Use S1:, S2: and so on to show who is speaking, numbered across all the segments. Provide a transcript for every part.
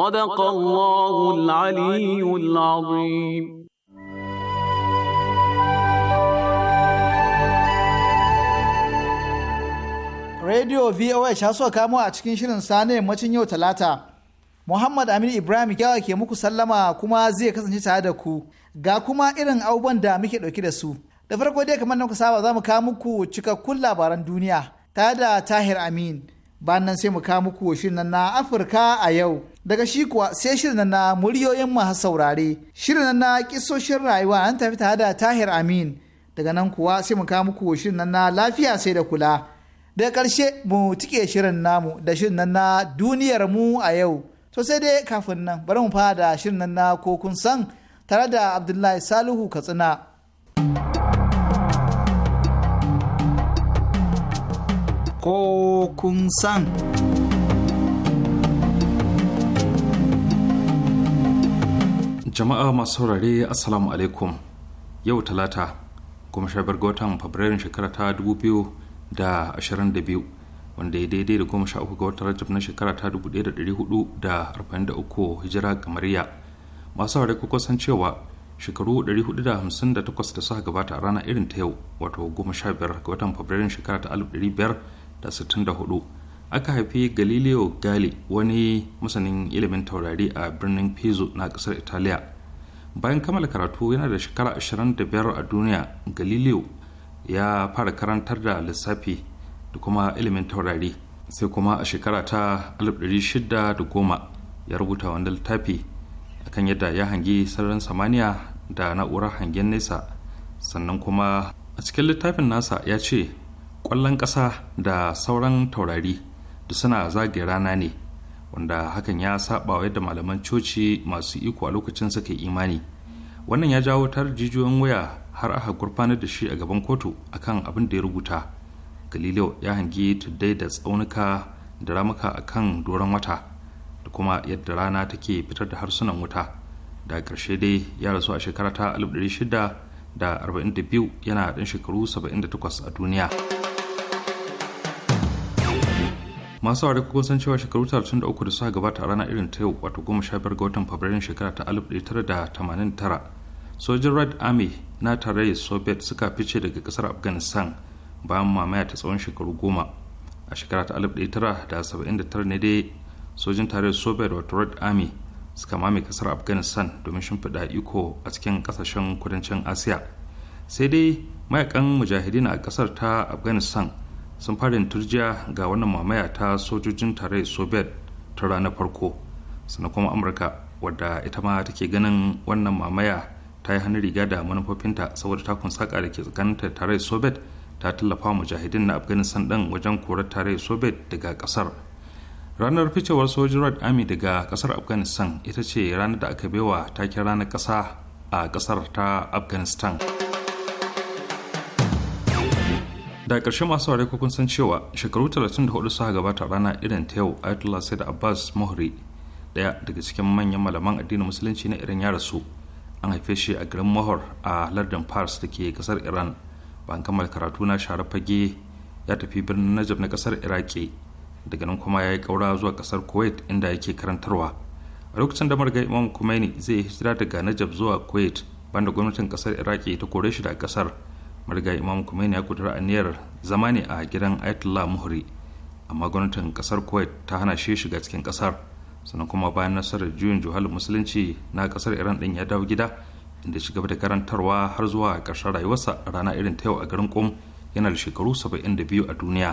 S1: صدق الله العلي العظيم
S2: Radio VOA ya so kamo a cikin shirin sane yammacin yau talata. Muhammad Aminu Ibrahim kyawa ke muku sallama kuma zai kasance tare da ku. Ga kuma irin abubuwan da muke ɗauki da su. Da farko dai kamar ku saba za mu ka muku cikakkun labaran duniya Ta da Tahir Amin. Bayan nan sai mu ka muku shirin na Afirka a yau. daga shi kuwa sai shirin na muryoyin masu saurare shirin na kisoshin rayuwa an tafi tare da tahir amin daga nan kuwa sai mu kawo muku shirin na lafiya sai da kula daga karshe mu tike shirin namu da shirin na duniyar mu a yau to sai dai kafin nan bari mu fara da shirin na ko kun san tare da abdullahi salihu katsina ko kun san
S3: jama'a masu saurare assalamu alaikum yau talata kuma shabar ga watan fabrairun shekara ta 2022 wanda ya daidai da goma sha uku ga watan rajab na shekara ta 1443 hijira kamariya masu saurare kuka san cewa shekaru 458 da suka gabata a rana irin ta yau wato goma sha biyar ga watan fabrairun shekara ta 1564 aka haifi galileo gali wani masanin ilimin taurari a birnin pizzo na kasar italiya bayan kammala karatu yana da shekara 25 a duniya galileo ya fara karantar da lissafi da kuma ilimin taurari sai kuma a shekara ta 1610 ya rubuta wanda littafi kan yadda ya hangi sararin samaniya da na'urar hangen nesa sannan kuma a cikin littafin nasa ya ce ƙwallon ƙasa da sauran taurari suna zage rana ne wanda hakan ya saba yadda malaman coci masu iko a lokacin suka imani wannan ya jawo tar jijiyoyin waya har aka gurfanar da shi a gaban kotu akan abin da ya rubuta galileo ya hangi tuddai da tsaunuka da ramuka akan doron wata da kuma yadda rana take fitar da harsunan wuta da karshe dai ya rasu a shekara ta 1642 yana ɗan shekaru 78 a duniya. masu ware kuma san cewa shekaru 33 da suka gabata a rana irin ta yau wato 15 ga watan fabrairun shekara ta 1989 sojin red army na tarayyar soviet suka fice daga kasar afghanistan bayan mamaya ta tsawon shekaru goma a shekara ta 1979 ne dai sojin tarayyar soviet wato red army suka mame kasar afghanistan domin shimfiɗa iko a cikin kasashen kudancin asiya sai dai mayakan mujahidin a kasar ta afghanistan sun fara turjiya ga wannan mamaya ta sojojin tarayyar soviet ta ranar farko sannan kuma amurka wadda ita ma take ganin wannan mamaya ta yi hannun riga da manufofinta saboda takun saka da ke tsakaninta tarayyar soviet ta tallafa mujahidin na afghanistan din wajen korar tarayyar soviet daga kasar ranar ficewar sojin red army daga kasar afghanistan ita ce ranar da aka baiwa taken ranar kasa a kasar ta afghanistan da ƙarshe masu ware kun san cewa shekaru 34 suka gabata rana irin ta yau ayatollah da abbas muhri daya daga cikin manyan malaman addinin musulunci na irin ya rasu an haife shi a garin mahor a lardin pars da ke kasar iran ban kammala karatu na share fage ya tafi birnin najab na kasar iraki daga nan kuma ya yi kaura zuwa kasar kuwait inda yake karantarwa a lokacin da marga imam kumaini zai hijira daga najab zuwa kuwait banda gwamnatin kasar iraki ta kore shi daga kasar marigayi imam khomeini ya kudura aniyar zama ne a gidan ayatollah muhri amma gwamnatin kasar kuwait ta hana shi shiga cikin kasar sannan kuma bayan nasarar juyin juhal musulunci na kasar iran din ya dawo gida inda shiga da karantarwa har zuwa karshen rayuwarsa rana irin ta yau a garin kom yana da shekaru 72 a duniya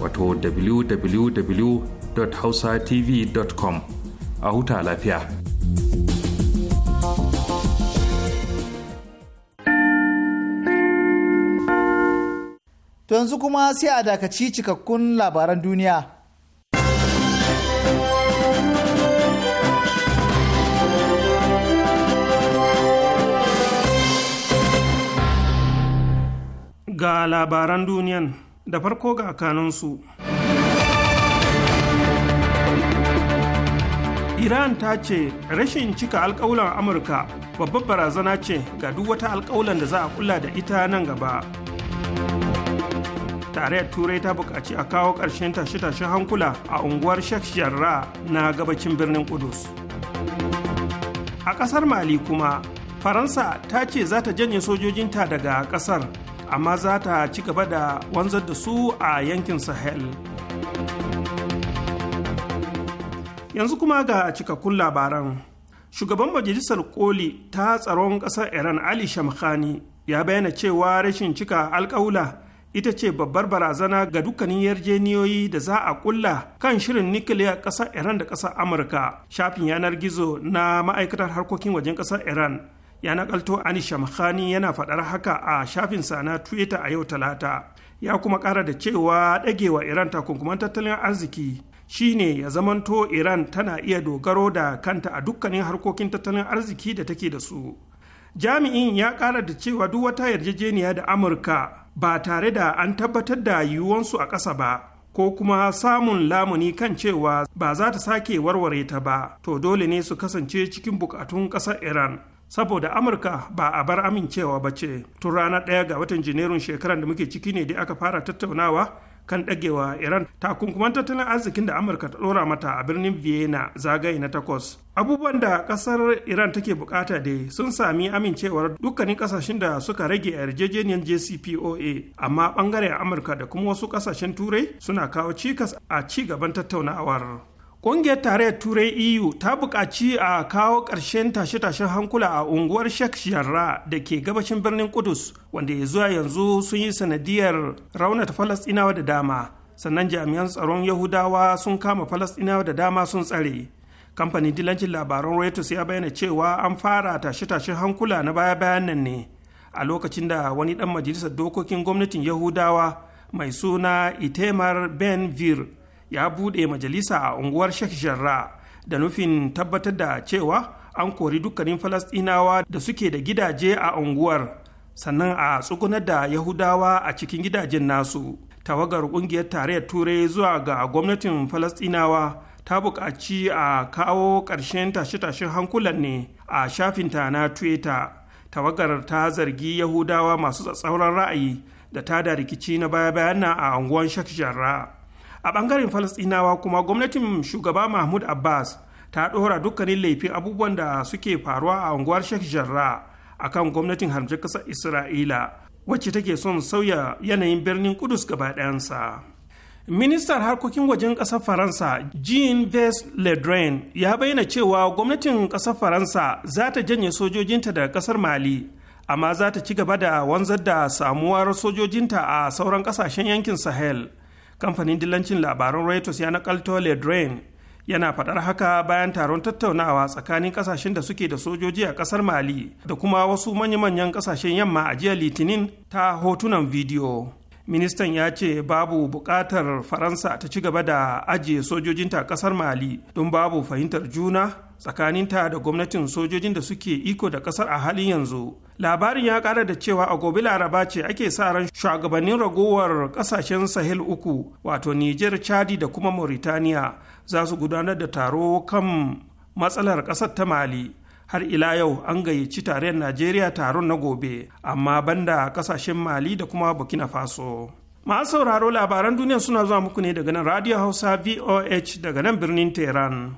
S3: wato www.hausatv.com a huta lafiya.
S2: To yanzu kuma sai a dakaci cikakkun labaran duniya.
S4: Ga labaran duniyan da farko ga kanunsu iran ta ce rashin cika alkawulan amurka babbar barazana ce ga duk wata alkawulan da za a kula da ita nan gaba tarayyar turai ta buƙaci a kawo ƙarshen tashe-tashen hankula a unguwar sheikh jarrah na gabacin birnin kudus a ƙasar mali kuma faransa ta ce za ta janye sojojinta daga ƙasar amma za ta ci gaba da wanzar da su a yankin sahel yanzu kuma ga cikakkun labaran shugaban majalisar koli ta tsaron ƙasar iran ali shamkhani ya bayyana cewa rashin cika alƙawula ita ce babbar barazana ga dukkanin yarjeniyoyi da za a kulla kan shirin nikiliya ƙasar iran da ƙasar amurka shafin yanar gizo na ma'aikatar harkokin wajen ƙasar iran ya nakalto ani shamkhani yana faɗar haka a shafinsa na twitter a yau talata ya kuma ƙara da cewa ɗagewa iran takunkuman tattalin arziki shine ya zamanto iran tana iya dogaro da kanta a dukkanin harkokin tattalin arziki da take da su jami'in ya ƙara da cewa duk wata yarjejeniya da amurka ba tare da an tabbatar da yiwuwansu a ƙasa ba ko kuma samun lamuni kan cewa ba za ta sake warware ta ba to dole ne su kasance cikin bukatun ƙasar iran saboda amurka ba a bar amincewa ba ce tun ranar ɗaya ga watan janairun shekarar da muke ciki ne da aka fara tattaunawa kan ɗagewa iran takunkuman tattalin arzikin da amurka ta ɗora mata a birnin vienna zagaye na takwas abubuwan da ƙasar iran take bukata dai sun sami amincewar dukkanin ƙasashen da suka rage a yarjejeniyar jcpoa amma a amurka da kuma wasu ƙasashen turai suna kawo cikas a ci gaban tattaunawar Ƙungiyar tarayyar Turai EU ta buƙaci a kawo ƙarshen tashe-tashen hankula a unguwar Sheikh Jarrah da ke gabashin birnin Kudus wanda ya zuwa yanzu sun yi sanadiyar raunata Falasɗinawa da dama. Sannan jami'an tsaron Yahudawa sun kama Falasɗinawa da dama sun tsare. Kamfanin dilancin labaran Reuters ya bayyana cewa an fara tashe-tashen hankula na baya-bayan nan ne. a lokacin da wani ɗan majalisar dokokin gwamnatin yahudawa mai suna itamar ben vir ya buɗe majalisa a unguwar Sheikh Jarrah da nufin tabbatar da cewa an kori dukkanin Falasɗinawa da suke da gidaje a unguwar sannan a tsugunar da Yahudawa a cikin gidajen nasu. Tawagar ƙungiyar tarayyar Turai zuwa ga gwamnatin Falasɗinawa ta buƙaci a kawo ƙarshen tashe-tashen hankulan ne a shafinta na Twitter. Tawagar ta zargi Yahudawa masu tsatsauran ra'ayi da ta da rikici na baya-bayan a unguwar Sheikh Jarrah. a ɓangaren falasɗinawa kuma gwamnatin shugaba mahmud abbas ta ɗora dukkanin laifin abubuwan da suke faruwa a unguwar sheikh a kan gwamnatin harjar ƙasar isra'ila wacce take son sauya yanayin birnin kudus gaba ɗayansa ministan harkokin wajen ƙasar faransa jean ves ledrain ya bayyana cewa gwamnatin ƙasar faransa za ta janye sojojinta daga ƙasar mali amma za ta ci gaba da wanzar da samuwar sojojinta a sauran ƙasashen yankin sahel kamfanin dillancin labaran reuters ya nakalto le drain yana faɗar haka bayan taron tattaunawa tsakanin ƙasashen da suke da sojoji a ƙasar mali da kuma wasu manya-manyan ƙasashen yamma a jiya litinin ta hotunan bidiyo ministan ya ce babu buƙatar faransa ta ci gaba da ajiye sojojinta a ƙasar mali don babu fahimtar juna tsakaninta da gwamnatin sojojin da suke iko da ƙasar a halin yanzu labarin ya kara da cewa a gobe laraba ce ake sa ran shugabannin ragowar kasashen sahel uku wato niger chadi da kuma mauritania za su gudanar da taro kan matsalar kasar ta mali har ila yau an gayyaci tarayyar najeriya taron na gobe amma banda kasashen mali da kuma burkina faso masu sauraro labaran duniya suna zuwa muku ne daga nan radio hausa voh daga nan birnin tehran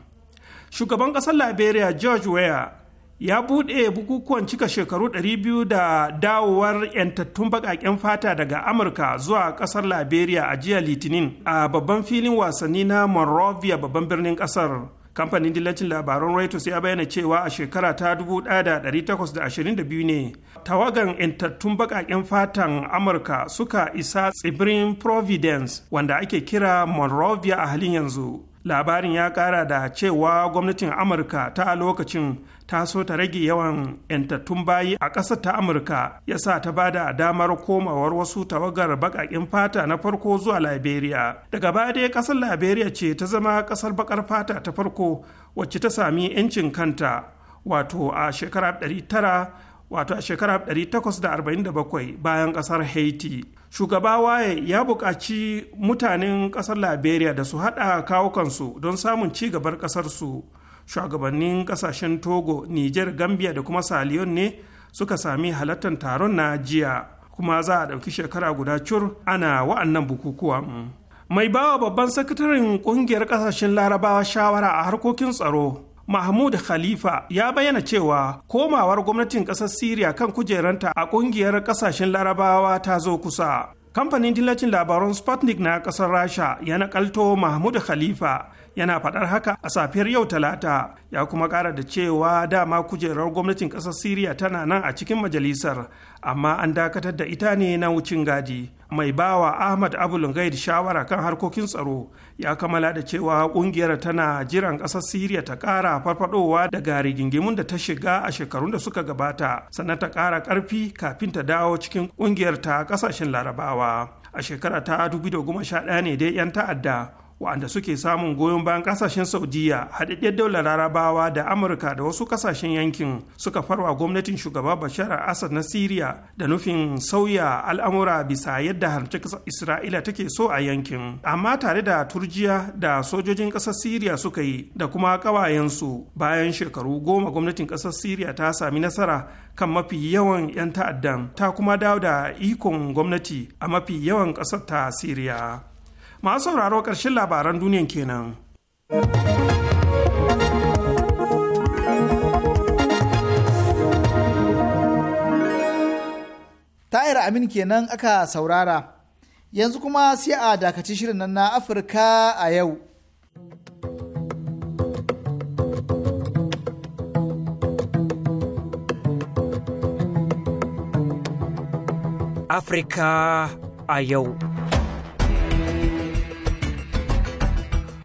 S4: shugaban kasar liberia george weah ya buɗe bukukuwan cika shekaru 200 da dawowar 'yantattun baƙaƙen fata daga amurka zuwa ƙasar liberia a jiya litinin a babban filin wasanni na monrovia babban birnin ƙasar kamfanin dillacin labaran reuters ya bayyana cewa a shekara ta 1822 ne tawagan 'yantattun baƙaƙen fatan amurka suka isa tsibirin providence wanda ake kira monrovia a halin yanzu labarin ya ƙara da cewa gwamnatin amurka ta lokacin ta so ta rage yawan 'yantattun bayi a ƙasar ta amurka ya sa ta ba da damar komawar wasu tawagar baƙaƙin fata na farko zuwa liberia daga baya dai ƙasar liberia ce ta zama ƙasar baƙar fata ta farko wacce ta sami 'yancin kanta wato a shekara 900 wato a 1847 bayan ƙasar haiti shugaba waye ya buƙaci mutanen ƙasar liberia da su haɗa kawukansu don samun ci gabar ƙasarsu shugabannin kasashen togo niger gambia da kuma saliyon ne suka sami halartar taron na jiya kuma za a ɗauki shekara guda cur ana wa'annan bukukuwa mai bawa babban sakataren kungiyar kasashen larabawa shawara a harkokin tsaro mahmud khalifa ya bayyana cewa komawar gwamnatin ƙasar syria kan kujeranta a kungiyar kasashen larabawa ta zo kusa kamfanin dillacin labaran sputnik na ƙasar rasha ya nakalto mahmud khalifa yana faɗar haka a safiyar yau talata ya kuma ƙara da cewa dama kujerar gwamnatin ƙasar siriya tana nan a cikin majalisar amma an dakatar da ita ne na wucin gadi mai bawa ahmad abulungaid shawara kan harkokin tsaro ya kammala da cewa ƙungiyar tana jiran ƙasar siriya ta ƙara farfadowa daga rigingimun da ta shiga a shekarun da suka gabata sannan ta ƙara ƙarfi kafin ta dawo cikin ƙungiyar ta ƙasashen larabawa a shekara ta 2011 ne dai 'yan ta'adda wa'anda suke samun goyon bayan ƙasashen saudiya haɗaɗɗen daular larabawa da amurka da wasu ƙasashen yankin suka farwa gwamnatin shugaba bashar asad na siriya da nufin sauya al'amura bisa yadda harci ƙasar isra'ila take so a yankin amma tare da turjiya da sojojin ƙasar siriya suka yi da kuma ƙawayensu bayan shekaru goma gwamnatin ƙasar siriya ta sami nasara kan mafi yawan 'yan ta'addan ta kuma dawo da ikon gwamnati a mafi yawan ƙasar ta siriya masu sauraro ƙarshen labaran duniyan kenan.
S2: Tahir Amin kenan aka saurara, yanzu kuma sai a dakaci shirin na Afirka a yau.
S5: Afirka a yau.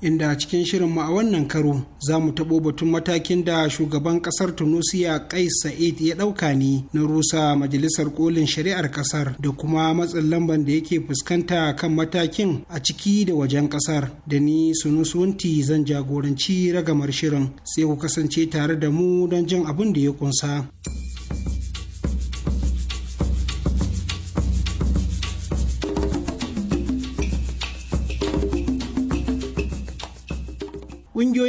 S6: inda a cikin shirin shirinmu a wannan karo za mu taɓo batun matakin da shugaban ƙasar tunisia kais sa'id ya ɗauka ne na rusa majalisar kolin shari'ar ƙasar da kuma matsin lamban da yake fuskanta kan matakin a ciki da wajen ƙasar da ni sunusunti zan jagoranci ragamar shirin sai ku kasance tare da mu don jin abin da ya ƙunsa.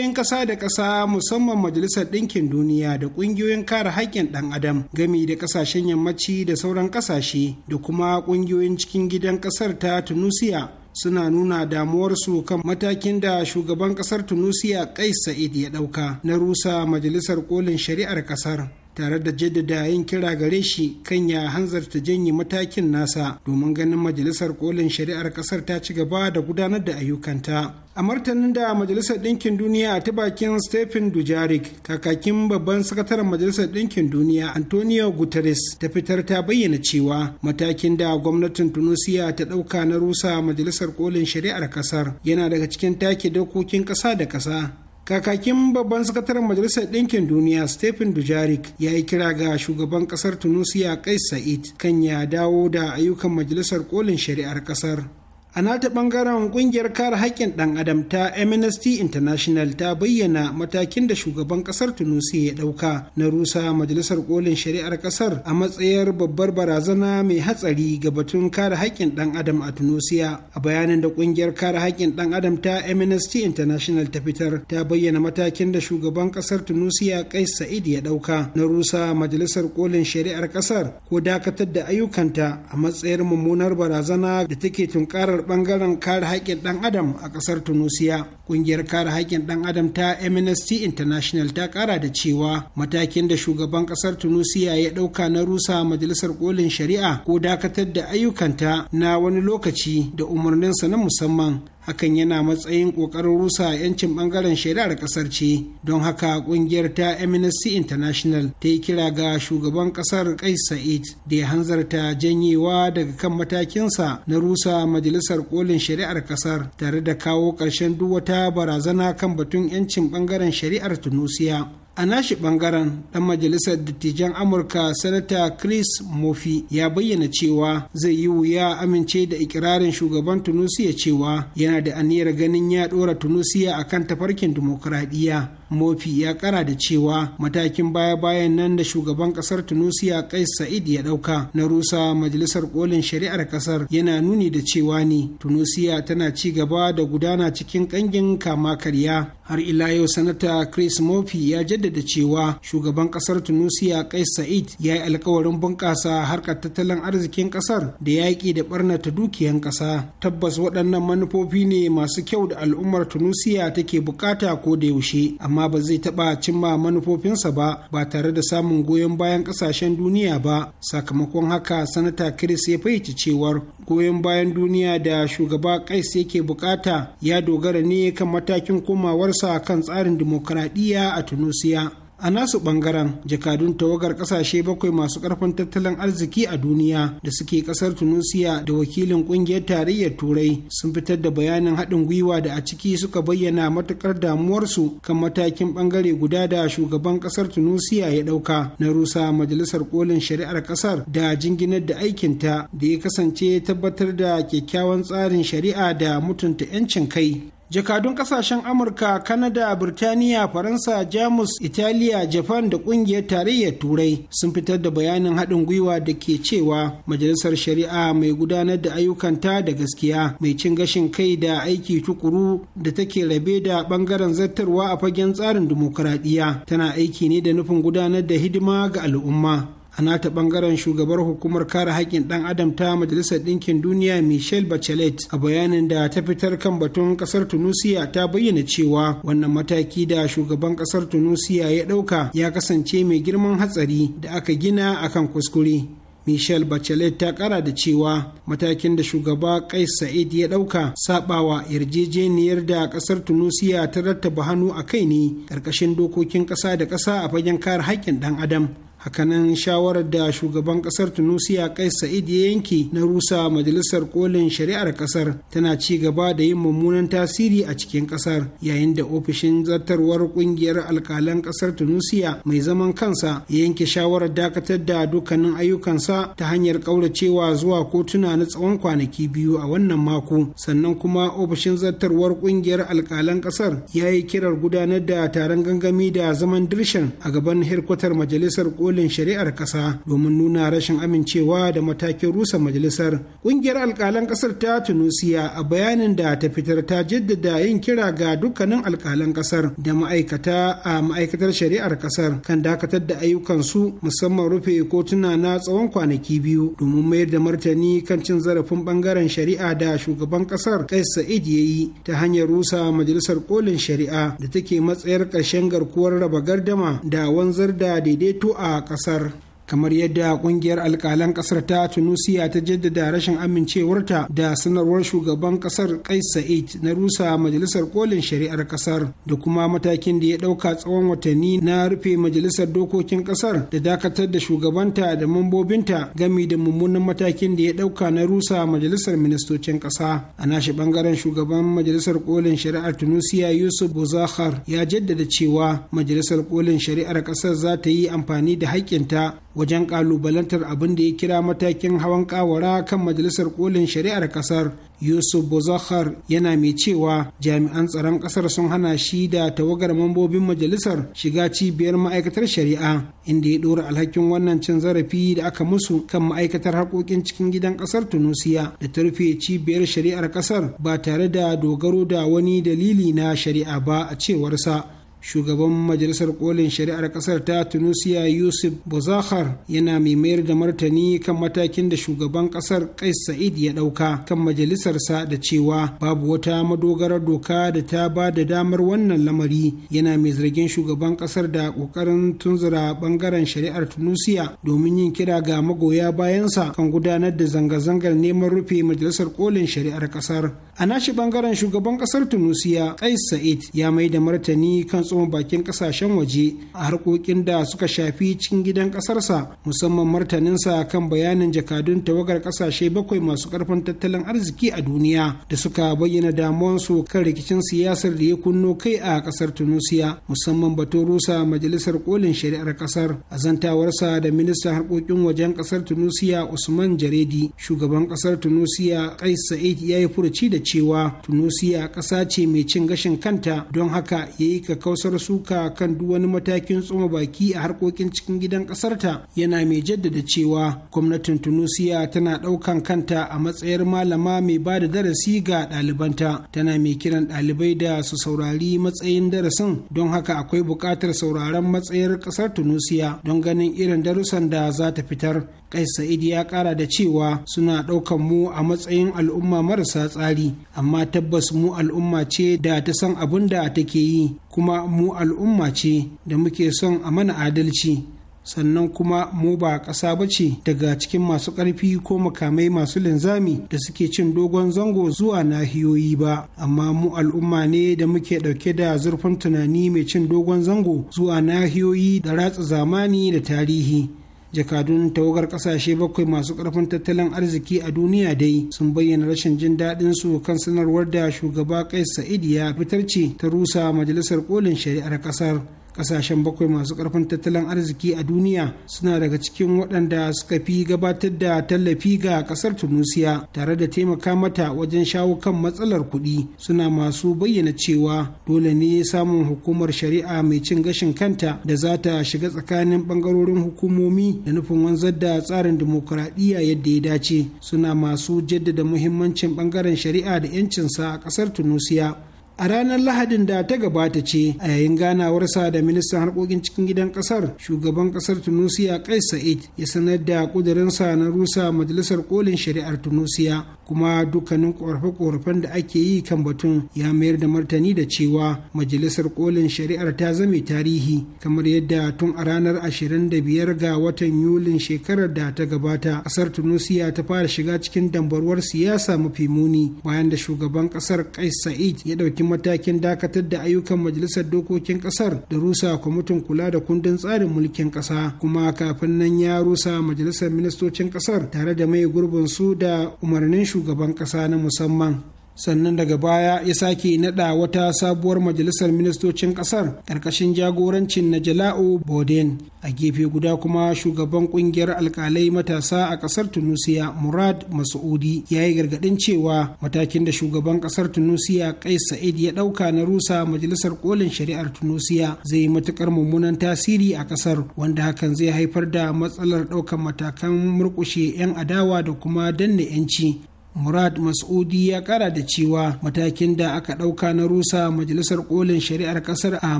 S6: ƙungiyoyin ƙasa da ƙasa musamman majalisar ɗinkin duniya da ƙungiyoyin kare haƙƙin ɗan adam gami da ƙasashen yammaci da sauran ƙasashe da kuma ƙungiyoyin cikin gidan ƙasar ta tunusiya suna nuna damuwarsu kan matakin da shugaban ƙasar tunisia kai sa'id ya ɗauka na rusa majalisar ƙolin shari'ar Ƙasar. tare da jaddada yin kira gare shi kan ya hanzarta janye matakin nasa domin ganin majalisar kolin shari'ar kasar ta ci gaba da gudanar da ayyukanta a martanin da majalisar ɗinkin duniya ta bakin stephen dujarik kakakin babban sakataren majalisar ɗinkin duniya antonio guterres ta fitar ta bayyana cewa matakin da gwamnatin tunisia ta ɗauka na rusa majalisar kolin shari'ar kasar yana daga cikin take dokokin ƙasa da ƙasa kakakin babban sakataren majalisar ɗinkin duniya stephen dujarik ya yi kira ga shugaban ƙasar tunisia kai sa'id kan ya dawo da ayyukan majalisar kolin shari'ar ƙasar a nata bangaren kungiyar kare haƙƙin ɗan adam ta amnesty international ta bayyana matakin da shugaban ƙasar tunisia ya ɗauka na rusa majalisar kolin shari'ar ƙasar a matsayar babbar barazana mai hatsari ga batun kare haƙƙin ɗan adam a tunisia a bayanin da ƙungiyar kare haƙƙin ɗan adam ta amnesty international ta fitar ta bayyana matakin da shugaban ƙasar tunisia kais sa'id ya ɗauka na rusa majalisar kolin shari'ar ƙasar ko dakatar da ayyukanta a matsayar mummunar barazana da take tunkarar hukumar bangaren kare haƙƙin ɗan adam a ƙasar tunisia ƙungiyar kare haƙƙin ɗan adam ta amnesty international ta ƙara da cewa matakin da shugaban ƙasar tunisia ya ɗauka na rusa majalisar kolin shari'a ko dakatar da ayyukanta na wani lokaci da umarninsa na musamman hakan yana matsayin ƙoƙarin rusa yancin ɓangaren shari'ar ƙasar ce don haka ƙungiyar ta amnesty international ta yi kira ga shugaban ƙasar kais sa'id da ya hanzarta janyewa daga kan matakinsa na rusa majalisar kolin shari'ar ƙasar tare da kawo ƙarshen duk wata barazana kan batun yancin ɓangaren shari'ar tunusiya a nashi bangaren ɗan majalisar dattijan amurka sanata chris murphy ya bayyana cewa zai yi wuya amince da ikirarin shugaban tunisia cewa yana da aniyar ganin ya dora tunisia akan tafarkin dimokuraɗiyya mofi ya kara da cewa matakin baya-bayan nan da shugaban kasar tunusiya kais sa'id ya dauka na rusa majalisar kolin shari'ar kasar yana nuni da cewa ne tunusiya tana ci gaba da gudana cikin kangin kama karya har ila yau sanata chris mofi ya jaddada cewa shugaban kasar tunusiya kais sa'id ya yi alkawarin bunƙasa harkar tattalin arzikin kasar da yaƙi da ta dukiyan ƙasa tabbas waɗannan manufofi ne masu kyau da al'ummar tunisia take bukata ko da yaushe amma amma ba zai taɓa cimma manufofinsa ba ba tare da samun goyon bayan ƙasashen duniya ba sakamakon haka sanata chris ya fahimci cewar goyon bayan duniya da shugaba kais yake bukata ya dogara ne kan matakin komawarsa kan tsarin dimokuraɗiyya a tunusiya a nasu bangaren jakadun tawagar kasashe bakwai masu karfin tattalin arziki a duniya da suke kasar tunisia da wakilin kungiyar tarayyar turai sun fitar da bayanin haɗin gwiwa da a ciki suka bayyana matukar damuwarsu kan matakin bangare guda da shugaban kasar tunisia ya ɗauka na rusa majalisar kolin shari'ar kasar da jinginar da aikinta da ya kasance tabbatar da kyakkyawan tsarin shari'a da mutunta 'yancin kai jakadun kasashen amurka kanada birtaniya faransa jamus italiya japan da ƙungiyar tarayyar turai sun fitar da bayanin haɗin gwiwa da ke cewa majalisar shari'a mai gudanar da ayyukanta da gaskiya mai cin gashin kai da aiki tukuru da take rabe da ɓangaren zartarwa a fagen tsarin dimokuraɗiyya tana aiki ne da nufin gudanar da hidima ga al'umma a nata bangaren shugabar hukumar kare haƙƙin ɗan adam ta majalisar ɗinkin duniya michelle bachelet a bayanin da ta fitar kan batun ƙasar tunusiya ta bayyana cewa wannan mataki da shugaban ƙasar tunusiya ya ɗauka ya kasance mai girman hatsari da aka gina akan kuskure Michelle Bachelet ta ƙara da cewa matakin da shugaba Kais Sa'id ya ɗauka sabawa yarjejeniyar da ƙasar Tunusiya ta rattaba hannu a kai ne ƙarƙashin dokokin ƙasa da ƙasa a fagen kare haƙƙin ɗan Adam. hakanan shawarar da shugaban kasar tunisia kai sa'id ya yanke na rusa majalisar kolin shari'ar kasar tana ci gaba da yin mummunan tasiri a cikin kasar yayin da ofishin zartarwar kungiyar alkalan kasar tunisia mai zaman kansa ya yanke shawarar dakatar da dukkanin ayyukansa ta hanyar kauracewa zuwa kotuna na tsawon kwanaki biyu a wannan mako sannan kuma ofishin zartarwar kungiyar alkalan kasar ya yi kirar gudanar da taron gangami da zaman dirshan a gaban hirkwatar majalisar kolin kolin shari'ar ƙasa domin nuna rashin amincewa da matakin rusa majalisar ƙungiyar alƙalan ƙasar ta tunusiya a bayanin da ta fitar ta jaddada yin kira ga dukkanin alƙalan ƙasar da ma'aikata a ma'aikatar shari'ar ƙasar kan dakatar da ayyukansu musamman rufe kotuna na tsawon kwanaki biyu domin mayar da martani kan cin zarafin ɓangaren shari'a da shugaban ƙasar kais sa'id ya yi ta hanyar rusa majalisar kolin shari'a da take matsayar ƙarshen garkuwar raba gardama da wanzar da daidaito a a kamar yadda kungiyar alkalan kasar ta tunusiya ta jaddada rashin amincewarta da sanarwar shugaban kasar kais sa'id na rusa majalisar kolin shari'ar kasar da kuma matakin da ya dauka tsawon watanni na rufe majalisar dokokin kasar da dakatar da shugabanta da mambobinta gami da mummunan matakin da ya dauka na rusa majalisar ministocin kasa a nashi bangaren shugaban majalisar kolin shari'ar tunusiya yusuf buzakhar ya jaddada cewa majalisar kolin shari'ar kasar za ta yi amfani da haƙƙinta wajen kalubalantar abin da ya kira matakin hawan kawara kan majalisar kolin shari'ar kasar yusuf bozakhar yana mai cewa jami'an tsaron kasar sun hana shi da tawagar mambobin majalisar shiga cibiyar ma'aikatar shari'a inda ya ɗora alhakin wannan cin zarafi da aka musu kan ma'aikatar harkokin cikin gidan kasar tunusiya da ta rufe cibiyar shari'ar kasar ba tare da dogaro da wani dalili na shari'a ba a cewarsa shugaban majalisar kolin shari'ar kasar ta tunisia yusuf buzakhar yana mai mayar da martani kan matakin da shugaban kasar kais sa'id ya dauka kan majalisarsa da cewa babu wata madogarar doka da ta ba da damar wannan lamari yana mai zargin shugaban kasar da kokarin tunzura bangaren shari'ar tunisia domin yin kira ga magoya bayansa kan gudanar da zanga-zangar neman rufe majalisar kolin shari'ar kasar a nashi bangaren shugaban kasar tunisia kais sa'id ya mai da martani kan tsohon bakin kasashen waje a harkokin da suka shafi cikin gidan kasarsa musamman martaninsa kan bayanin jakadun tawagar kasashe bakwai masu karfin tattalin arziki a duniya da suka bayyana damuwansu kan rikicin siyasar da ya kunno kai a kasar tunisia musamman batun rusa majalisar kolin shari'ar kasar a zantawarsa da ministan harkokin wajen kasar tunisia usman jaredi shugaban kasar tunisia kais sa'id ya yi furuci da cewa tunisia ƙasa ce mai cin gashin kanta don haka ya yi kakkausar suka kan duk wani matakin tsoma baki a harkokin cikin gidan ƙasarta yana mai jaddada cewa gwamnatin tunisia tana ɗaukan kanta a matsayar malama mai ba da darasi ga ɗalibanta tana mai kiran ɗalibai da su saurari matsayin darasin don haka akwai buƙatar sauraron matsayar ƙasar tunisia don ganin irin darussan da za ta fitar kai Sa'id ya kara da cewa suna ɗaukan mu a matsayin al'umma marasa tsari amma tabbas mu al'umma ce da ta san abin da take yi kuma mu al'umma ce da muke son a mana adalci sannan kuma mu ba ƙasa ba ce daga cikin masu ƙarfi ko makamai masu linzami da suke cin dogon zango zuwa nahiyoyi ba amma mu al'umma ne da muke ɗauke da zurfin tunani mai cin dogon zango zuwa nahiyoyi da ratsa zamani da tarihi jakadun tawagar kasashe bakwai masu karfin tattalin arziki a duniya dai sun bayyana rashin jin daɗin su kan sanarwar da shugaba kai sa'id ya fitar ce ta rusa majalisar kolin shari'ar ƙasar. kasashen bakwai masu karfin tattalin arziki a duniya suna daga cikin waɗanda suka fi gabatar da tallafi ga kasar tunisia tare da taimaka mata wajen shawo kan matsalar kuɗi suna masu bayyana cewa dole ne samun hukumar shari'a mai cin gashin kanta da za ta shiga tsakanin bangarorin hukumomi da nufin wanzar da tsarin dimokuraɗiyya yadda ya dace suna masu jaddada muhimmancin bangaren shari'a da 'yancinsa a ƙasar tunisia a ranar lahadin da ta gabata ce a yayin ganawarsa da ministan harkokin cikin gidan kasar shugaban kasar tunusiya kais sa'id ya sanar da kudurinsa na rusa majalisar kolin shari'ar tunusiya kuma dukkanin korafe-korafen da ake yi kan batun ya mayar da martani da cewa majalisar kolin shari'ar ta zame tarihi kamar yadda tun a ranar ashirin da biyar ga watan yulin shekarar da ta gabata kasar tunusiya ta fara shiga cikin dambarwar siyasa mafi muni bayan da shugaban kasar kais sa'id ya ɗauki matakin dakatar da ayyukan majalisar dokokin kasar da rusa kwamitin kula da kundin tsarin mulkin kasa kuma kafin nan ya rusa majalisar ministocin kasar tare da mai gurbin su da umarnin shugaban kasa na musamman sannan daga baya ya sake naɗa wata sabuwar majalisar ministocin ƙasar ƙarƙashin jagorancin najala'u boden a gefe guda kuma shugaban ƙungiyar alƙalai matasa a ƙasar tunusiya murad masudi ya yi gargaɗin cewa matakin da shugaban ƙasar tunusiya kais sa'id ya ɗauka na rusa majalisar kolin shari'ar tunusiya zai yi matuƙar mummunan tasiri a ƙasar wanda hakan zai haifar da matsalar ɗaukar matakan murƙushe 'yan adawa da kuma danne 'yanci Murad Mas'udi ya kara da cewa matakin da aka ɗauka na rusa majalisar kolin shari'ar ƙasar a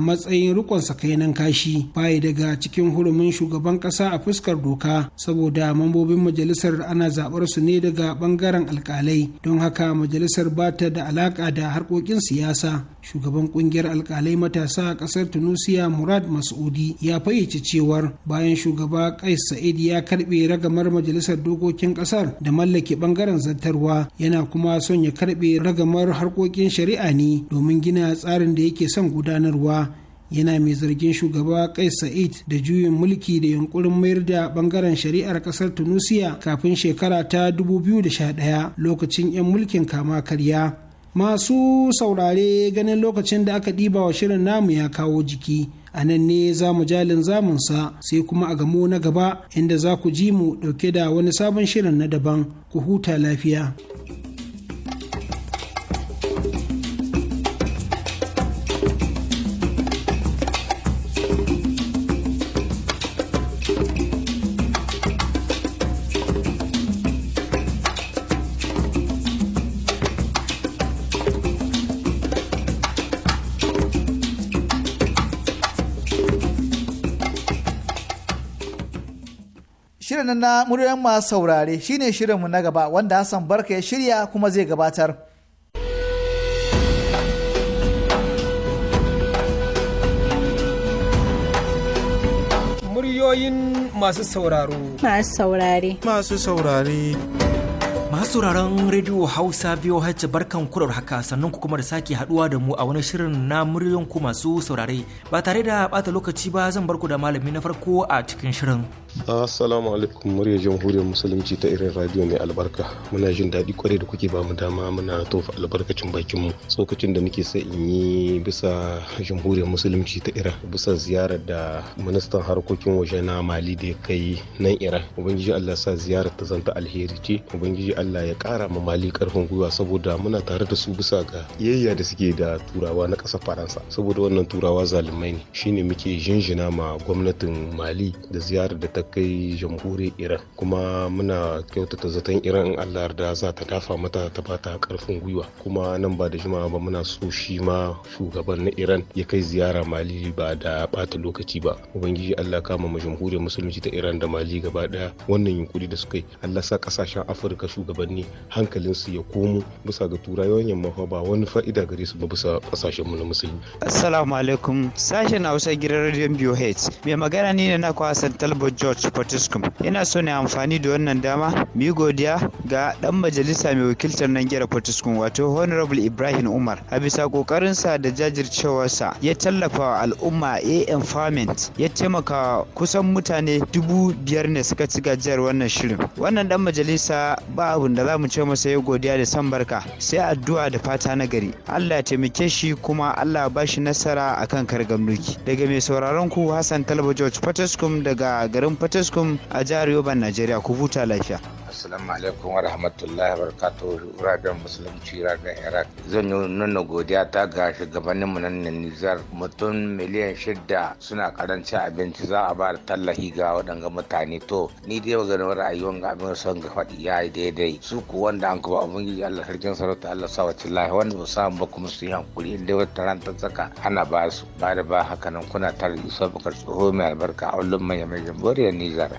S6: matsayin rikon sakainan kashi bayi daga cikin hurumin shugaban ƙasa a fuskar doka saboda mambobin majalisar ana zaɓar su ne daga ɓangaren alƙalai don haka majalisar ba ta da alaƙa da harkokin siyasa. Shugaban ƙungiyar alƙalai matasa a ƙasar Tunisia Murad Mas'udi ya fayyace cewar bayan shugaba Kais Sa'id ya karɓe ragamar majalisar dokokin ƙasar da mallake ɓangaren zartarwa rayuwa yana kuma son ya karbe ragamar harkokin shari'a ne domin gina tsarin da yake son gudanarwa yana mai zargin shugaba kai sa'id da juyin mulki da yunkurin mayar da bangaren shari'ar kasar tunisia kafin shekara ta 2011 lokacin 'yan mulkin kama karya masu saurare ganin lokacin da aka ɗiba wa shirin namu ya kawo jiki a nan ne za mu jalin zamunsa sai kuma a gamo na gaba inda za ku ji mu dauke da wani sabon shirin na daban ku huta lafiya.
S2: nan na muryoyin masu saurare shine shirinmu na gaba wanda Hassan Barka ya shirya kuma zai gabatar.
S5: Muryoyin masu sauraro.
S7: Masu saurare. Masu saurare.
S5: Masu sauraron rediyo Hausa biyo hajji barkan kurar haka sannan kuma da sake haduwa da mu a wani shirin na muryoyin ku masu saurare ba tare da bata lokaci ba zan barku da malami na farko a cikin shirin.
S8: Assalamu alaikum murya jamhuriyar musulunci ta irin radio mai albarka muna jin daɗi kwarai da kuke bamu dama muna tofa albarkacin bakin mu tsokacin da muke sai in yi bisa jamhuriyar musulunci ta iran bisa ziyarar da ministan harkokin waje na mali da ya kai nan iran ubangiji allah sa ziyarar ta zanta alheri ce ubangiji allah ya kara ma mali karfin gwiwa saboda muna tare da su bisa ga yayya da suke da turawa na ƙasar faransa saboda wannan turawa zalumai ne shine muke jinjina ma gwamnatin mali da ziyarar da ta ta kai jamhuri iran kuma muna kyautata zaton iran in allah yarda za ta dafa mata ta bata karfin gwiwa kuma nan ba da jimawa ba muna so shi ma shugaban na iran ya kai ziyara mali ba da bata lokaci ba ubangiji allah kama ma jamhuriyar musulunci ta iran da mali gaba daya wannan yunkuri da suka yi allah sa kasashen afirka shugabanni hankalinsu ya komo bisa ga turawan yamma ba wani fa'ida gare su ba bisa kasashen mu na musulmi
S6: assalamu alaikum sashen hausa gidan radio bioh mai magana ne na kwasan talbot George Fortescue. Ina so ne amfani da wannan dama mu yi godiya ga ɗan majalisa mai wakiltar nan gera Fortescue wato Honorable Ibrahim Umar a bisa kokarinsa da jajircewarsa ya tallafa wa al'umma A Empowerment ya taimaka kusan mutane dubu biyar ne suka ci gajiyar wannan shirin. Wannan dan majalisa ba abun da za mu ce masa ya godiya da san barka sai addu'a da fata na gari. Allah ya taimake shi kuma Allah ba shi nasara akan kargamnuki. Daga mai sauraron ku Hassan Talba George Fortescue daga garin Fataskum a jihar Yoban, Najeriya. Ku huta lafiya.
S9: assalamu alaikum wa rahmatullahi wa barakatuhu musulunci radar iraq zan yi nuna godiya ta ga shugabanninmu nan na nizar mutum miliyan shida suna karanci abinci za a ba da tallafi ga waɗanga mutane to ni dai ba ganin ra'ayi ga abin son ga faɗi ya yi daidai su ku wanda an kuma ubangiji allah sarkin sarauta allah sa wacce lahi wanda ba samu ba kuma su yi hankuri inda wata ran ta tsaka ana ba su ba da ba haka nan kuna tare da tsoho mai albarka a wallon mai mai jamboriyar nizar.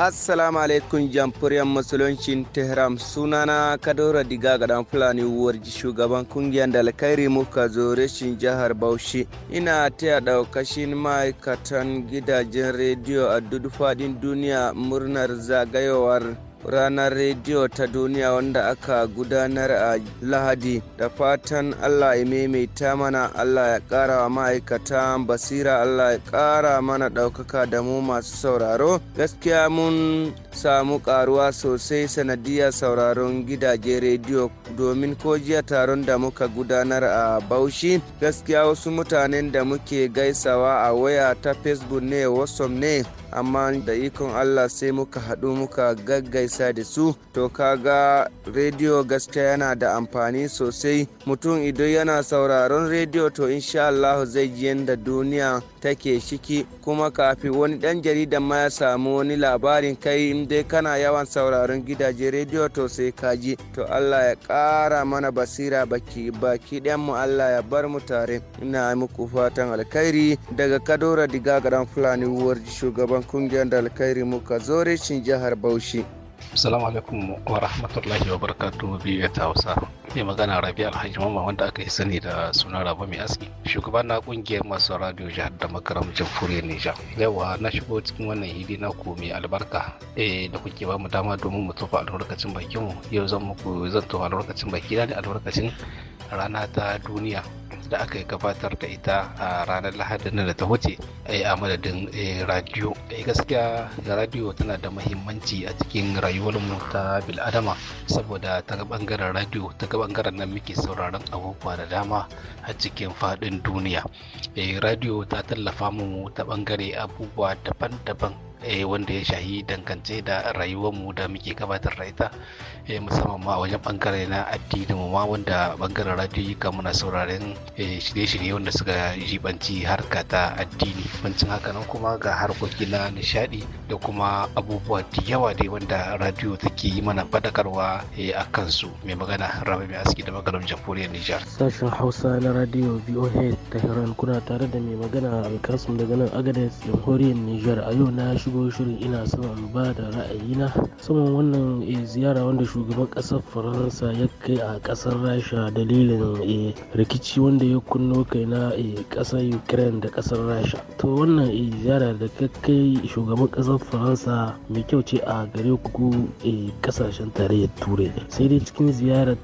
S9: assalamu alaikum jamfuriyar musuluncin tehran sunana kadora diga ga dan fulani warji shugaban kungiyar dalkairi muka zo reshin jihar bauchi ina taya daukashin ma'aikatan gidajen rediyo a duk faɗin duniya murnar zagayowar ranar rediyo ta duniya wanda aka gudanar a lahadi da fatan allah ya maimaita mana allah ya kara wa ma'aikata basira allah ya kara mana ɗaukaka da mu masu sauraro gaskiya mun samu karuwa sosai sanadiyar sauraron gidaje rediyo domin ko jiya taron da muka gudanar a baushi gaskiya wasu mutanen da muke gaisawa a waya ta facebook ne wasom ne amma da ikon allah sai muka haɗu muka gaggaisa da su to kaga rediyo gaskiya yana da amfani sosai mutum idan yana sauraron rediyo to insha Allah zai ji yadda duniya take shiki kuma kafin wani ɗan jarida ma ya samu wani labarin kai in dai kana yawan sauraron gidaje rediyo to sai ji to allah ya ƙara mana basira baki baki ɗan mu allah ya bar mu tare ina muku fatan alkhairi daga kadora diga garan fulani wuwar shugaban shugaban kungiyar da alkhairi muka zore cin jihar Bauchi. Assalamu alaikum
S10: wa rahmatullahi wa barakatuhu biyu ta Hausa. Ne magana Rabi Alhaji Mamman wanda aka yi sani da suna Rabu Mai Aski. Shugaban na kungiyar masu radio jihar da makaram jamhuriyar Nijar. Yawa na shigo cikin wannan hili na ku mai albarka E, da kuke ba mu dama domin mu tofa albarkacin bakinmu? Yau zan muku zan tofa albarkacin baki na ne albarkacin rana ta duniya da aka yi gabatar da ita a ranar lahadin da ta wuce eh, a madadin eh, radio eh, gaskiya radiyo tana da mahimmanci a cikin rayuwarmu ta biladama saboda ta ga bangaren radio ta ga bangaren nan muke sauraron abubuwa da dama a cikin fadin duniya radiyo ta tallafa mu ta bangare abubuwa daban-daban Eh, wanda ya shahi dangance da rayuwarmu da muke gabatar da ita eh, musamman ma wajen bangare na addinin mu ma wanda bangaren radiyoyi kan muna sauraren eh, shirye-shirye wanda suka jibanci harka ta addini bancin haka nan kuma ga harkoki na nishadi da kuma abubuwa da yawa dai wanda radiyo take yi mana fadakarwa a kansu mai magana rabe mai aski da maganar jamhuriyar nijar
S1: sashen hausa na radiyo voh ta kuna tare da mai magana alkasum daga nan agadez jamhuriyar nijar a yau na shi shigo shirin ina son in ba da ra'ayina saman wannan eh, ziyara wanda shugaban kasar faransa ya kai a kasar rasha dalilin eh, rikici wanda ya kunno kai na kasar eh, ukraine da kasar rasha to wannan ziyara da ka kai shugaban kasar faransa mai kyau ce a gare ku ƙasashen tarayyar turai sai dai cikin ziyarar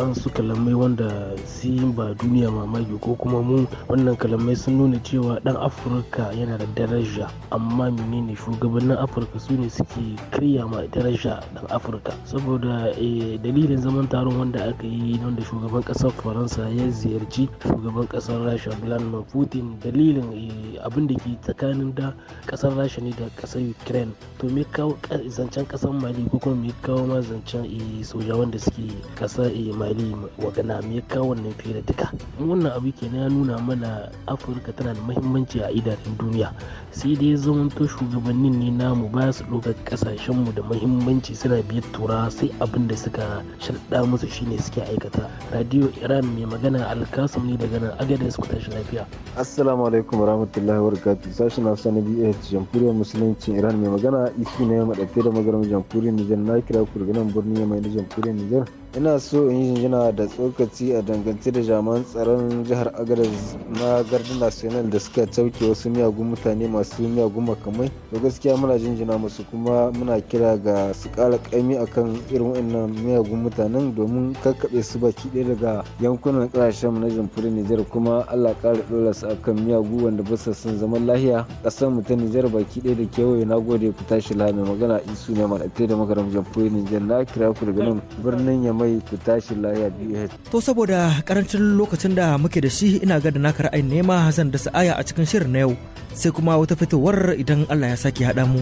S1: an su kalamai wanda su ba duniya mamaki ko kuma mu wannan kalamai sun nuna cewa dan afirka yana da daraja amma menene shugabannin afirka su ne suke karya ma ita rasha dan afirka saboda eh, dalilin zaman taron wanda aka yi wanda shugaban kasar faransa ya ziyarci shugaban kasar rasha vladimir putin dalilin eh, abin da ke tsakanin da kasar rasha ne da kasar ukraine to me kawo zancen kasar mali ko kuma me kawo ma zancen eh, soja wanda suke kasar mali wagana me kawo wannan fiye duka wannan abu kenan ya nuna mana afirka tana da muhimmanci a idanun duniya sai dai zamanto shugaban shugabannin ne namu ba su kasashen ƙasashenmu da muhimmanci suna biyar tura sai abin da suka sharɗa musu shine suke aikata radio iran mai magana alkasum ne daga nan agada su tashi lafiya
S11: assalamu alaikum warahmatullahi wabarakatuh sashen hausa na bh jamhuriyar musuluncin iran mai magana isu ne ya maɗafe da magaram jamhuriyar nijar na kira ku daga nan birni mai na jamhuriyar nijar ina so in yi jinjina da tsokaci a dangance da jaman tsaron jihar agadez na gardin national da suka cauke wasu miyagun mutane masu miyagun makamai da gaskiya muna jinjina musu kuma muna kira ga su kara kaimi akan irin wannan
S9: miyagun mutanen domin kakkaɓe su baki ɗaya daga yankunan ƙasashen na jamhuriyar nijar kuma allah ƙara ɗora su akan miyagu wanda ba son zaman lahiya ƙasar mu ta nijar baki
S6: ɗaya da kewaye na gode ku tashi lami magana isu ne malatai da magaram jamhuriyar nijar na kira ku daga
S9: nan birnin yamma mai ku tashi biyu
S5: to saboda karancin lokacin da muke da shi ina ga da naka ra'ayin nema zan dasa aya a cikin shirin na yau sai kuma wata fitowar idan Allah ya sake haɗa mu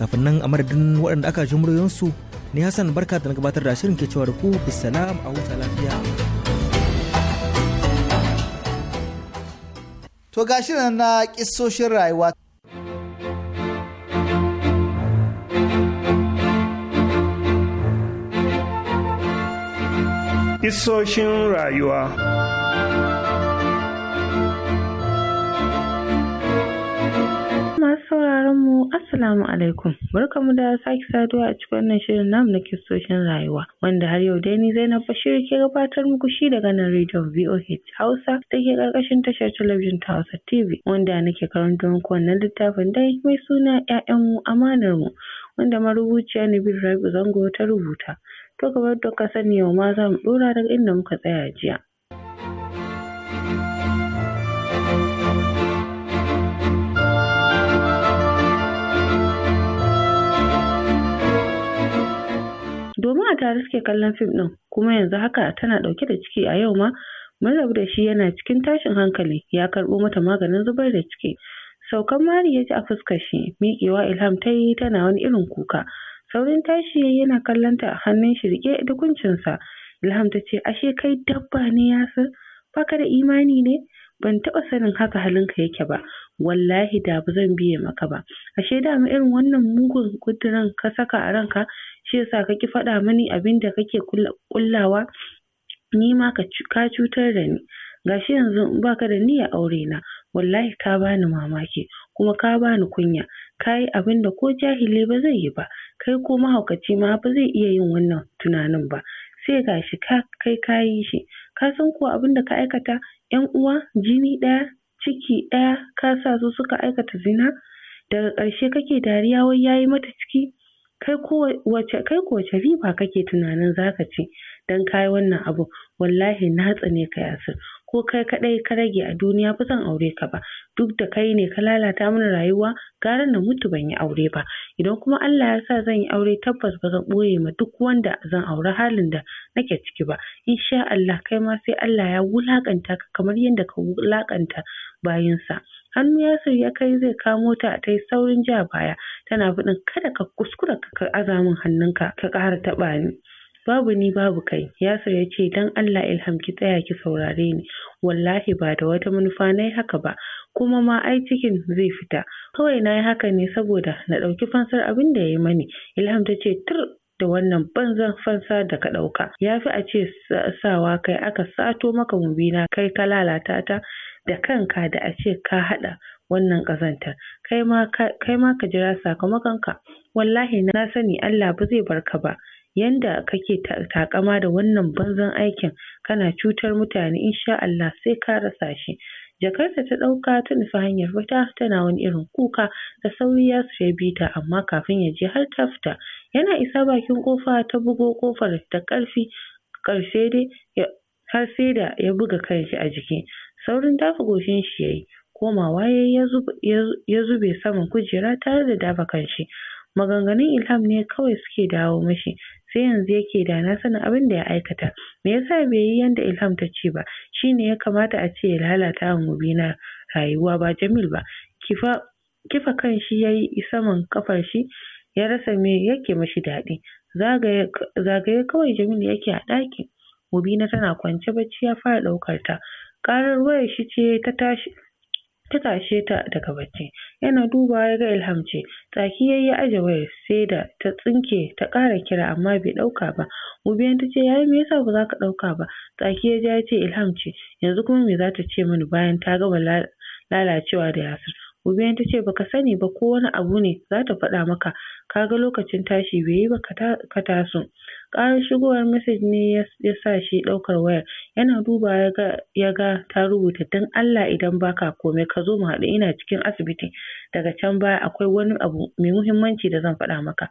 S5: kafin nan a madadin waɗanda aka ji muryoyinsu ni Hassan barka da na gabatar da shirin ke cewa da ku bisalam a huta lafiya
S2: to ga shirin na kissoshin rayuwa
S4: Isoshin rayuwa
S12: masu sauraronmu, mu assalamu alaikum barkamu da sake saduwa a cikin wannan shirin namu na kistoshin rayuwa wanda har yau dai ni Zainab Bashir ke gabatar muku shi daga nan rediyon VOH Hausa da ke karkashin tashar talabijin ta Hausa TV wanda nake karanta muku wannan littafin dai mai suna 'ya'yanmu, amanarmu, amanar mu wanda marubuciya Nabil Rabi Zango ta rubuta To kamar yadda ka sani yau ma za mu ɗora daga inda muka tsaya jiya. Domin a tare suke kallon fim ɗin kuma yanzu haka tana ɗauke da ciki a yau ma mun rabu da shi yana cikin tashin hankali ya karɓo mata maganin zubar da ciki. Saukan mari ya ji a fuskar shi miƙewa Ilham ta yi tana wani irin kuka Saurin tashi yana kallon ta a hannun shi rike da kuncinsa. Ilham ta "Ashe kai dabba ne Yasir? Baka da imani ne? Ban taɓa sanin haka halinka yake ba. Wallahi da ba zan biye maka ba. Ashe da mu irin wannan mugun kudirin ka saka a ranka shi yasa ka ki faɗa mani abin da kake kullawa ni ma ka cutar da ni. Gashi yanzu baka da niyyar aure na. Wallahi ka bani mamaki kuma ka bani kunya. ka yi abin da ko jahili ba zai yi ba kai ko mahaukaci ma ba zai iya yin wannan tunanin ba sai gashi ka kai ka shi ka san kuwa abin da ka aikata yan uwa jini ɗaya ciki ɗaya ka sa su suka aikata zina daga ƙarshe kake dariya wai yayi mata ciki kai ko wace kai ko wace riba kake tunanin zaka ci dan kayi wannan abu wallahi na tsane ka Yasir ko kai kaɗai ka rage a duniya ba zan aure ka ba duk da kai ne ka lalata mana rayuwa gara na mutu ban yi aure ba idan kuma Allah ya sa zan yi aure tabbas ba zan ɓoye ma duk wanda zan aure halin da nake ciki ba insha Allah kai ma sai Allah ya wulaƙanta ka kamar yadda ka wulaƙanta sa hannu Yasir ya kai zai kamo ta ta yi saurin ja baya tana faɗin kada ka kuskura ka aza min hannunka ka ƙara taɓa ni. babu ni babu kai yasir ya ce don allah ilham ki tsaya ki saurare ni wallahi ba da wata manufa na yi haka ba kuma ma ai cikin zai fita kawai na yi haka ne saboda na ɗauki fansar abin da ya yi mani ilham ta ce tur da wannan banzan fansa da ka ɗauka ya fi a ce sawa kai aka sato maka mubina kai ka lalata ta da kanka da a ce ka haɗa wannan ƙazantar kai ma ka jira sakamakon ka? wallahi na sani Allah ba zai barka ba yanda kake taƙama da wannan banzan aikin kana cutar mutane insha Allah sai ka rasa shi. Jakarta ta ɗauka ta nufi hanyar fita tana wani irin kuka da sauri ya bi bita, amma kafin ya je har ta fita. Yana isa bakin kofa ta bugo kofar da ƙarfi ƙarshe dai har sai da ya buga kanshi a jiki. Saurin dafa goshin shi ya yi komawa ya ya zube saman kujera tare da dafa kanshi. Maganganun Ilham ne kawai suke dawo mashi sai yanzu yake da na sanin abin da ya aikata me yasa bai yi yanda Ilham ta ce ba shine ya kamata a ce ya lalata wa na rayuwa ba Jamil ba kifa kifa kan shi yayi saman kafar shi ya rasa me yake mashi daɗi zagaye kawai Jamil yake a ɗaki na tana kwance bacci ya fara ɗaukar ta ƙarar wayar shi ce ta tashi ta tashe ta daga bacci yana dubawa ya ga Ilham ce tsaki yayi ya aje wayar sai da ta tsinke ta kara kira amma bai dauka ba gobe ta ce yayi me yasa ba za ka dauka ba tsaki ya ja ya ce Ilham ce yanzu kuma me zata ce mini bayan ta gama lalacewa da Yasir gobe in tace baka sani ba ko wani abu ne za ta faɗa maka kaga lokacin tashi bai yi ba ka taso ƙarar shigowar message ne ya sa shi ɗaukar wayar yana dubawa ya ga ta rubuta don Allah idan baka komai ka zo mu haɗu ina cikin asibiti daga can baya akwai wani abu mai muhimmanci da zan faɗa maka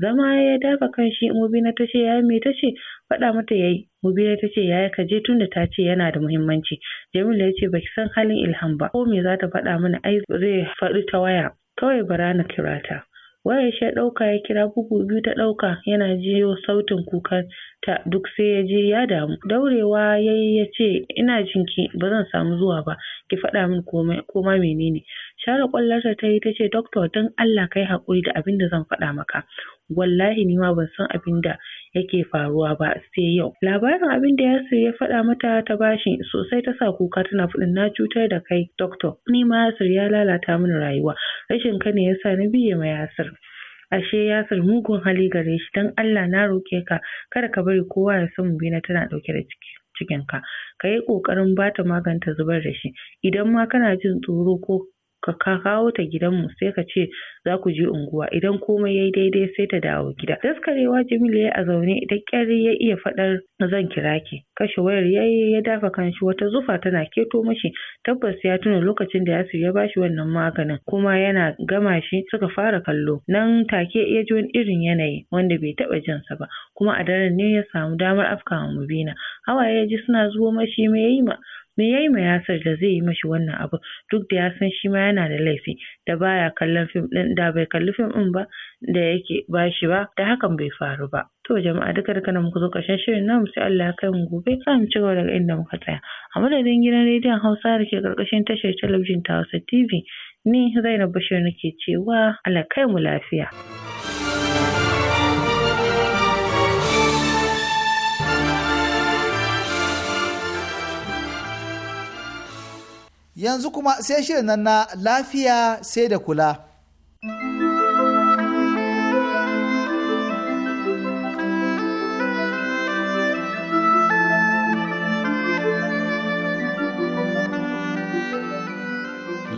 S12: Zama ya dafa kanshi Mubina ta ce ya me ta ce faɗa mata yayi. Mubina ta ce yaya ka je tunda ta ce yana da muhimmanci. Jamilu ya ce baki san halin Ilham ba ko me za ta faɗa mana ai zai faɗi ta waya. Kawai bara na kira ta. wayar shi ya ɗauka ya kira bugu biyu ta ɗauka yana jiyo sautin kuka ta duk sai yaje ya damu daurewa ya yi ya ce ina jinki ba zan samu zuwa ba ki faɗa min koma menene share ƙwallon ta yi ta ce doctor don Allah kai haƙuri da abin da zan faɗa maka wallahi nima ban san abin da yake faruwa ba sai yau labarin abin da yasir ya faɗa mata ta bashi sosai ta sa kuka tana faɗin na cutar da kai doctor ni yasir ya lalata mini rayuwa rashin ka ne yasa na biye ma yasir ashe yasir mugun hali gare shi dan Allah na roke ka kada ka bari kowa ya san mubina tana dauke da ciki cikinka ka yi ƙoƙarin ba ta maganta zubar da shi idan ma kana jin tsoro ko ka kawo ta gidanmu sai ka ce za ku je unguwa idan komai yayi daidai sai ta dawo gida daskarewa Jamilu ya a zaune da ƙyar ya iya faɗar zan kira ki kashe wayar yayi ya dafa kanshi wata zufa tana keto mashi tabbas ya tuna lokacin da Yasir ya bashi wannan maganin kuma yana gama shi suka fara kallo nan take iya ji wani irin yanayi wanda bai taɓa jin sa ba kuma a daren ne ya samu damar afkawa Mubina hawaye ya ji suna zuwa mashi me yayi ma Me ya yi ma Yasir da zai yi mashi wannan abun duk da ya san shi ma yana da laifi da baya kallon fim din da bai kalli fim din ba da yake shi ba da hakan bai faru ba. To jama'a duka duka nan muka zo ƙarshen shirin namu sai Allah ya kai gobe za mu cigaba daga inda muka tsaya. A madadin gidan rediyon Hausa da ke ƙarƙashin tashar talabijin ta Hausa TV ni Zainab Bashir nake cewa Allah kai mu lafiya.
S2: yanzu kuma sai shirin nan na lafiya sai da kula.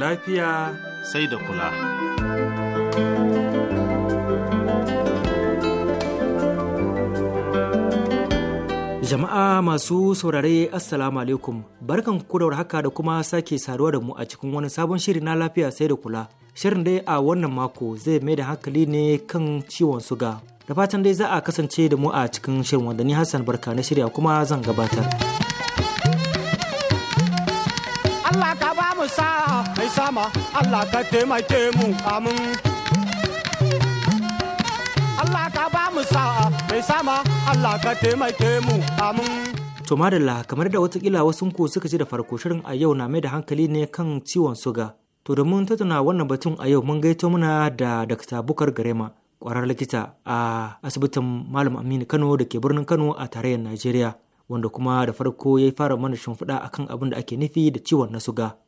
S4: Lafiya sai da kula.
S5: Jama'a masu saurare Assalamu alaikum barkan ku da haka da kuma sake saduwa da mu a cikin wani sabon shiri na lafiya sai da kula. Shirin dai a wannan mako zai mai da hankali ne kan ciwon suga. Da fatan dai za a kasance da mu a cikin shirin wanda ni Hassan barka na shirya kuma zan gabatar.
S7: Allah ka ba mu sa mai sama Allah ka taimake mu amin. Allah ka ba mu sa'a mai sama Allah ka taimake mu amin
S5: To madalla kamar da watakila wasu ko suka ji da farko shirin a yau na mai da hankali ne kan ciwon suga. To domin tattauna wannan batun a yau mun gaito muna da Dr. Bukar Garema, kwarar likita a asibitin Malam Aminu Kano da ke birnin Kano a tarayyar Najeriya, wanda kuma da farko ya fara mana shimfiɗa akan abin da ake nufi da ciwon na suga.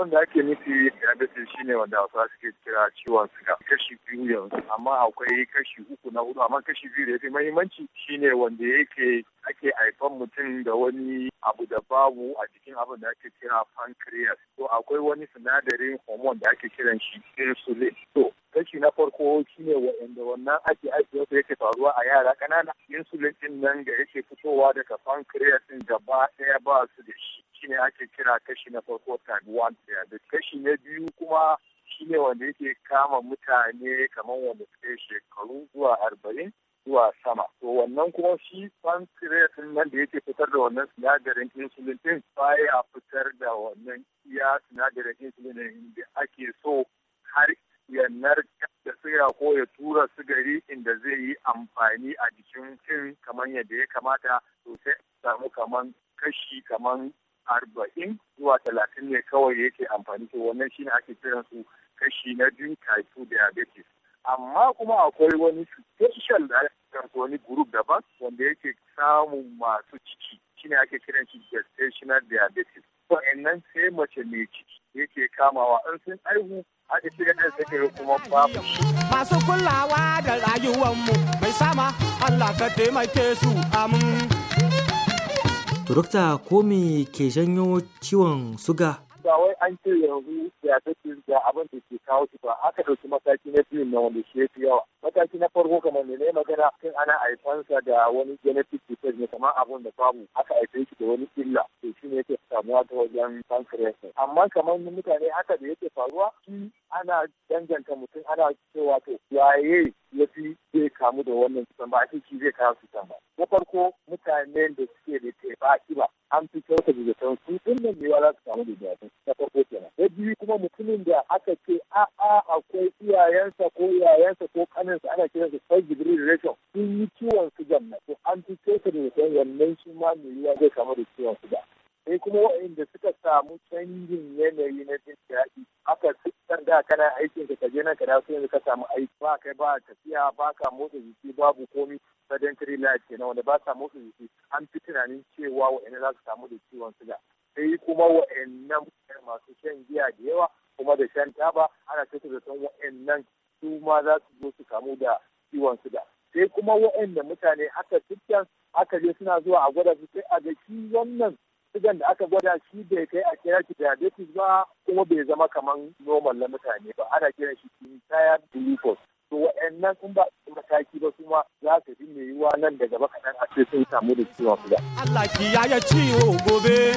S13: abin da ake nufi shi shine wanda wasu suke kira ciwon suga kashi biyu yanzu amma akwai kashi uku na hudu amma kashi biyu da ya fi mahimmanci shine wanda yake ake haifan mutum da wani abu da babu a cikin abin da ake kira pancreas to akwai wani sinadarin hormone da ake kiran shi insulin to kashi na farko shi ne wa'anda wannan ake ajiye wasu yake faruwa a yara ƙanana insulin din nan da yake fitowa daga pancreas din gaba ɗaya ba su da shi Shin ake kira kashi na farko type 1 da kashi na biyu kuma shi ne wanda yake kama mutane kamar wanda suke shekaru zuwa arba'in zuwa sama. To wannan kuma shi pancreas nan da yake fitar da wannan sinadarin insulin din baya fitar da wannan iya sinadarin insulin da ake so har ya narka da siga ko ya tura sigari inda zai yi amfani a jikin cin kamar yadda ya kamata to sai samu kamar kashi kamar arba'in zuwa talatin ne kawai yake amfani to wannan shine ake kiran su kashi na jin type diabetes amma kuma akwai wani special da ake wani group daban wanda yake samun masu ciki shine ake kiran shi gestational diabetes nan sai mace mai ciki yake kamawa an sun aihu ake shiga da take kuma babu
S7: masu kulawa da mu mai sama Allah ka taimake su
S13: amin
S5: Dokta ko me ke janyo ciwon suga
S13: ba wai an ce yanzu ya take ga abin da ke kawo shi ba aka ɗauki mataki na biyu na wanda shi ya yawa mataki na farko kamar ne na magana kan ana haifansa da wani genetic disease ne kamar abin da babu aka haife shi da wani illa to shi ne yake samuwa ta wajen pancreas amma kamar mutane haka da yake faruwa shi ana danganta mutum ana cewa to yaye ya fi zai kamu da wannan cutan ba a zai kawo cutan ba na farko mutane da suke da a kiba an fi kyauta da zaton su tun da ne za su kamu da zaton na farko kenan na biyu kuma mutumin da aka ce a a akwai iyayensa ko iyayensa ko kaninsa ana kiran su sai jibril rashon sun yi ciwon sugan na to an fi kyauta da zaton wannan shi ma mai zai kamu da ciwon ba sai kuma waɗanda suka samu canjin yanayi na jin daɗi aka da kana aikin ka je nan ka dawo yanzu ka samu aiki ba kai ba tafiya ba ka motsa jiki babu komi sedentary life kenan wanda ba sa motsa jiki an fi tunanin cewa wa'annan za su samu da ciwon suga sai kuma wa'annan masu shan giya da yawa kuma da shan taba ana tattara da san wa'annan su ma za su zo su samu da ciwon suga sai kuma wa'anda mutane haka tukkan haka je suna zuwa a gwada su sai a ga shi wannan digan da aka gwada shi bai kai a kira shi diabetes ba kuma bai zama kamar normal na mutane ba ana kira shi tired glucose to wa'annan kun ba mataki ba kuma za ka bi mai yiwuwa nan da gaba kaɗan a sun samu da ciwon suga. Allah ki ya ciwo gobe.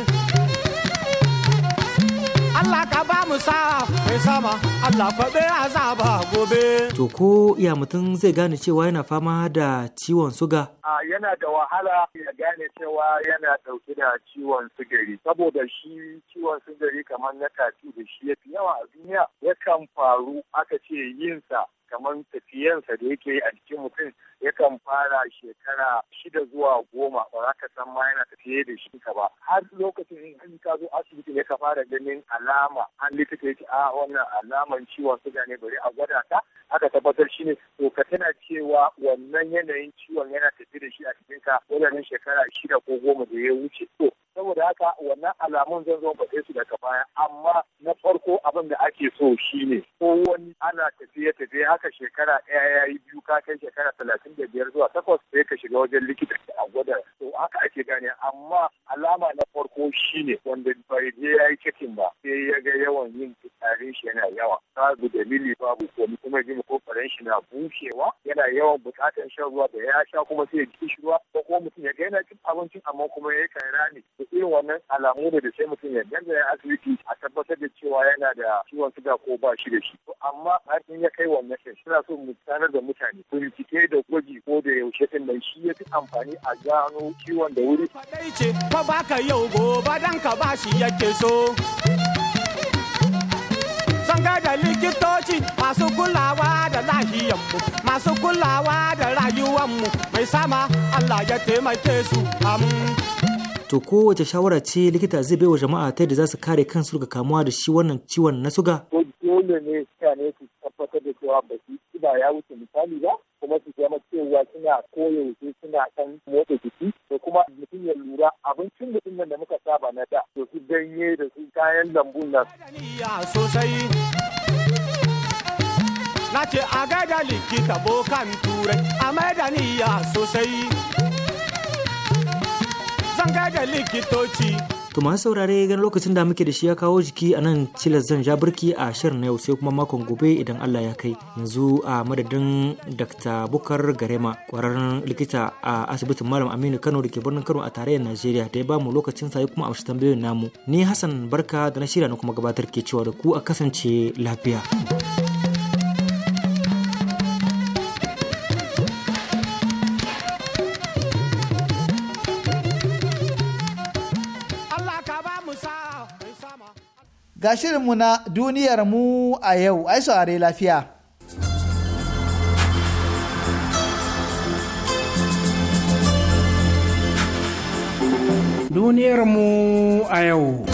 S7: Allah ka ba mu sa mai sama Allah za azaba gobe.
S5: To ko ya mutum zai gane cewa yana fama da ciwon suga?
S13: yana da wahala ya gane cewa yana ɗauke da ciwon sugari saboda shi ciwon sugari kamar na tatu da shi ya fi yawa a duniya yakan faru aka ce yinsa kamar tafiyansa da yake a jikin mutum yakan fara shekara shida zuwa goma ba za ka san ma yana tafiye da shi ka ba har lokacin in ka zo asibiti ne ka fara ganin alama an likita ya ce a ah, wannan alaman ciwon suga ne bari a gwada ta aka tabbatar shi ne to ka tana cewa wannan yanayin ciwon yana tafi da shi a cikin ka wajen shekara shida ko goma da ya wuce to saboda haka wannan alamun zan zo bakai su daga baya amma na farko abin da ake so shine ko wani ana tafiye tafiye haka shekara ɗaya ya yi biyu ka kai shekara talatin da biyar zuwa takwas sai ka shiga wajen likita a gwada to haka ake gane amma alama na farko shine wanda bai je ya yi cikin ba sai ya ga yawan yin fitsarin shi yana yawa babu dalili babu komi kuma ko ko shi na bushewa yana yawan buƙatar shan ruwa da ya sha kuma sai ya ji ruwa ko mutum ya ga yana cin abincin amma kuma ya yi rani da irin wannan alamu ne da sai mutum ya ganda ya asibiti a tabbatar da cewa yana da ciwon suga ko ba shi da shi to amma kafin ya kai wannan shi suna so mu sanar da mutane cike da gwaji ko da yaushe din nan shi ya fi amfani a gano ciwon da wuri. fa baka yau gobe dan ka bashi yake so.
S7: ga da likitoci masu kulawa da lahiyanmu masu kulawa da mu mai sama Allah ya taimake
S13: su
S5: To kowace shawara ce likita zai wa jama'a ta da za su kare kansu daga kamuwa da shi wannan ciwon na suga?
S13: Dole ne ne su tabbatar da cewa ba su ba ya wuce misali ba kuma su zama cewa suna koyaushe suna kan motsa jiki da kuma mutum ya lura abincin mutum nan da muka saba na da to su ganye da su kayan lambun nan. sosai na ce a
S7: gaida likita bokan turai a da niyya sosai zan gaida likitoci
S5: To masu saurare gani lokacin da muke da shi ya kawo jiki a nan cilas zan ja birki a shirin na yau sai kuma makon gobe idan Allah ya kai. Yanzu a madadin Dr. Bukar Garema kwararren likita a asibitin Malam Aminu Kano da ke birnin Kano a tarayyar Najeriya da ya ba mu lokacin sa kuma a tambayoyin namu. Ni Hassan Barka da na shirya na kuma gabatar ke cewa da ku a kasance lafiya.
S2: ga shirinmu na duniyarmu a yau ai saurare lafiya.
S11: Duniyarmu a yau.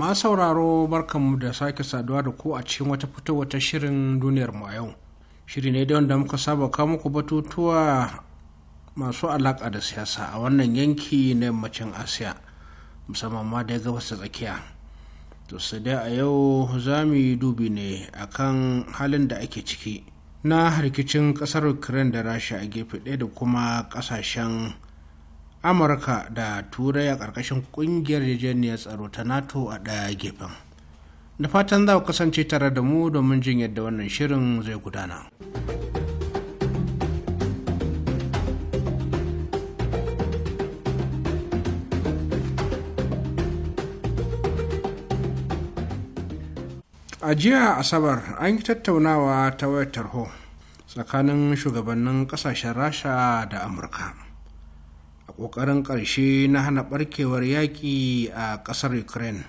S11: Ma sauraro barkanmu da sake saduwa da ku a cikin wata fito wata shirin duniyarmu a yau. Shiri ne da wanda muka saba kawo muku batutuwa masu alaƙa da siyasa a wannan yanki na yammacin Asiya. musamman ma da gabas ta tsakiya to sai dai a yau za mu yi dubi ne akan halin da ake ciki na harkicin kasar ukraine da rasha a gefe ɗaya da kuma kasashen amurka da turai a ƙarƙashin ƙungiyar yarjejeniyar tsaro ta nato a ɗaya gefen da fatan za ku kasance tare da mu domin jin yadda wannan shirin zai gudana. a jiya asabar an yi tattaunawa ta wayar tarho tsakanin shugabannin kasashen rasha da amurka a ƙoƙarin ƙarshe na hana ɓarkewar yaƙi a ƙasar ukraine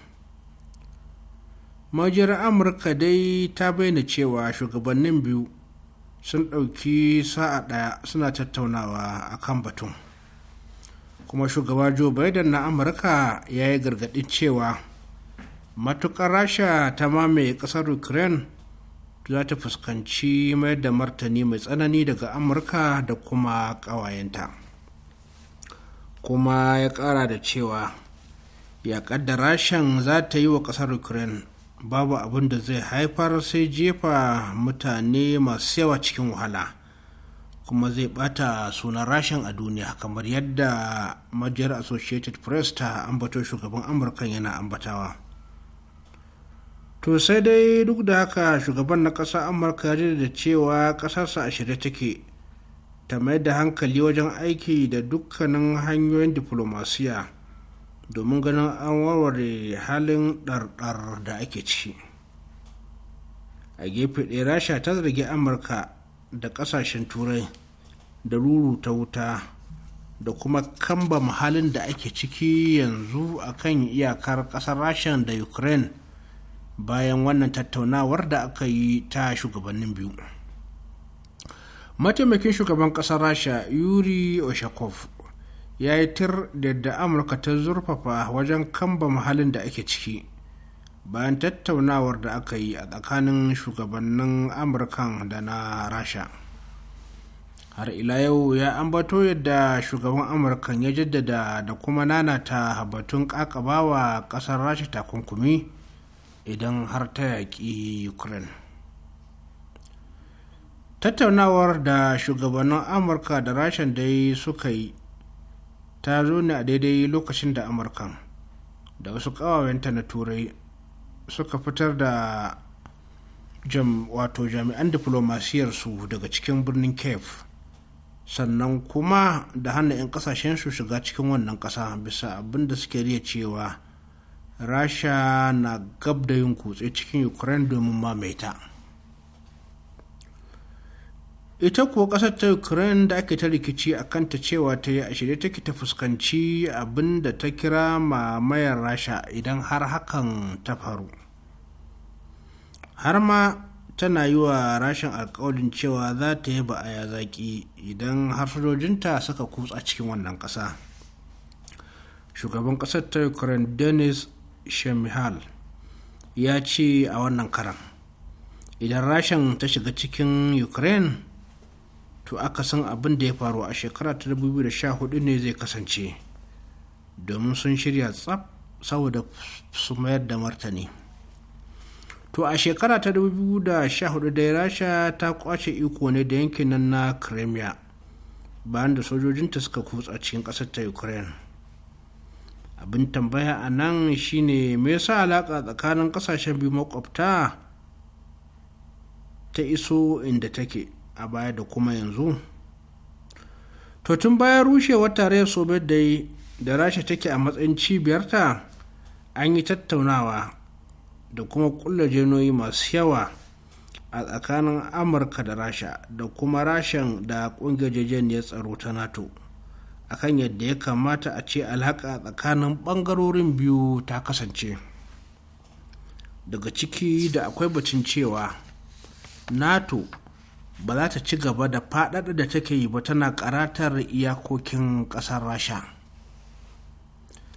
S11: majiyar amurka dai ta bayyana cewa shugabannin biyu sun ɗauki sa'a ɗaya suna tattaunawa a kan batun kuma shugaba joe biden na amurka ya yi gargaɗin cewa matuƙar rasha ta mamaye ƙasar ukraine za ta fuskanci mayar da martani mai tsanani daga amurka da kuma ƙawayenta kuma ya ƙara da cewa yaƙar da rashan za ta yi wa ƙasar ukraine babu abin da zai haifar sai jefa mutane masu yawa cikin wahala kuma zai bata sunan rashin a duniya kamar yadda majiyar associated press ta ambato shugaban amurka yana ambatawa to sai dai duk da haka shugaban na ƙasar amurka ya da cewa ƙasarsa a shirye take ta mai da hankali wajen aiki da dukkanin hanyoyin diflomasiya domin ganin an warware halin ɗarɗar da ake ci a gefe ɗaya rasha ta zargi amurka da ƙasashen turai da ruru ta wuta da kuma kamba halin da ake ciki yanzu akan iyakar ƙasar rasha da ukraine bayan wannan tattaunawar da aka yi ta shugabannin biyu mataimakin shugaban ƙasar rasha yuri oshakov ya yi tir da yadda amurka ta zurfafa wajen kamba mahalin da ake ciki bayan tattaunawar da aka yi a tsakanin shugabannin amurkan da na rasha har ila yau ya ambato yadda shugaban amurkan ya jaddada da kuma nanata batun kakabawa kasar rasha takunkumi idan har ta yaƙi ukraine tattaunawar da shugabannin amurka da rashin dai suka yi ta zo ne a daidai lokacin da amurka da wasu ƙawayenta na turai suka fitar da wato jami'an diflomasiyarsu daga cikin birnin kef sannan kuma da hana 'yan su shiga cikin wannan ƙasa bisa abinda suke riya cewa rasha na gab da yin kutse cikin ukraine domin mamaita ita kuwa ƙasar ta ukraine da ake ta rikici a kanta cewa ta yi a shirye take ta fuskanci abin da ta kira mamayar rasha idan har hakan ta faru har ma tana yi wa rashin alkawalin cewa za ta yi ba'aya zaƙi idan har sojojinta suka kutsa cikin wannan ƙasa shugaban ƙasar ta ukraine denis shemihal ya ce a wannan karan idan rashin ta shiga cikin ukraine to aka san abin da ya faru a shekara ta 2014 ne zai kasance domin sun shirya tsab saboda su mayar da martani to a shekara ta 2014 dai rasha ta kwace iko ne da yankin nan na crimea bayan da sojojinta suka kutsa cikin ƙasar ta ukraine abin tambaya a nan shine me yasa alaƙa tsakanin ƙasashen biyu makwabta ta iso inda take a baya da kuma yanzu to tun bayan rushewar tarayyar soviet dai da rasha take a matsayin cibiyarta an yi tattaunawa da kuma kulla jinoyi masu yawa a tsakanin amurka da rasha da kuma Rashen da kungiyar ya tsaro ta nato akan yadda ya kamata a ce alhaka tsakanin ɓangarorin biyu ta kasance daga ciki da akwai bacin cewa nato ba za ta ci gaba da faɗaɗa da take yi ba tana karatar iyakokin ƙasar rasha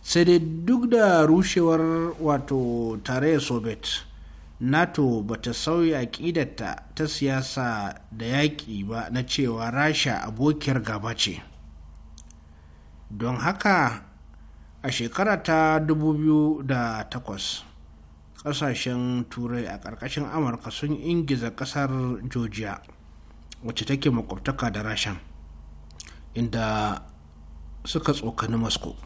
S11: sai dai duk da rushewar wato tarayyar soviet nato ba ta sauya ƙidata ta siyasa da yaƙi ba na cewa rasha abokiyar gaba ce don haka a shekara ta 2008 kasashen turai a ƙarƙashin amurka sun ingiza ƙasar georgia wacce take makwabtaka da rashan inda suka tsokani moscow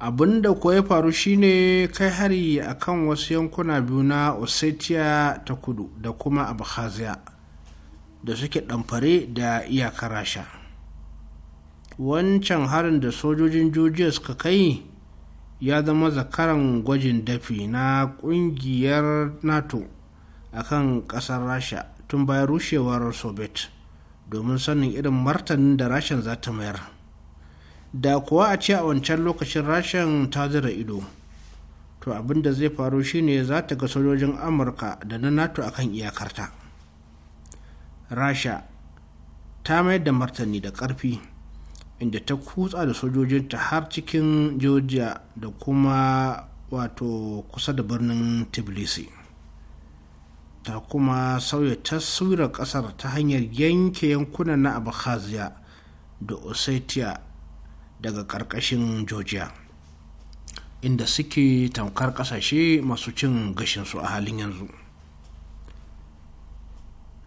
S11: abin da kuwa ya faru shine kai hari a kan wasu yankuna biyu na ossetia ta kudu da kuma abkhazia da suke ɗamfare da iyakar rasha wancan harin da sojojin georgia suka kai ya zama zakaran gwajin dafi na kungiyar nato a kan kasar rasha tun bayan rushewar soviet domin sanin irin martanin da rashin za ta mayar da kuwa a ce a wancan lokacin rashin ta zira ido to abinda zai faru shine za ta ga sojojin amurka da na nato akan iyakarta rasha ta mayar da martani da ƙarfi inda ta kutsa da sojojinta har cikin georgia da kuma wato kusa da birnin tbilisi ta kuma sauya taswirar kasar ta hanyar yanke yankunan na abkhazia da ossetia daga ƙarƙashin georgia inda suke tamkar ƙasashe masu cin gashinsu a halin yanzu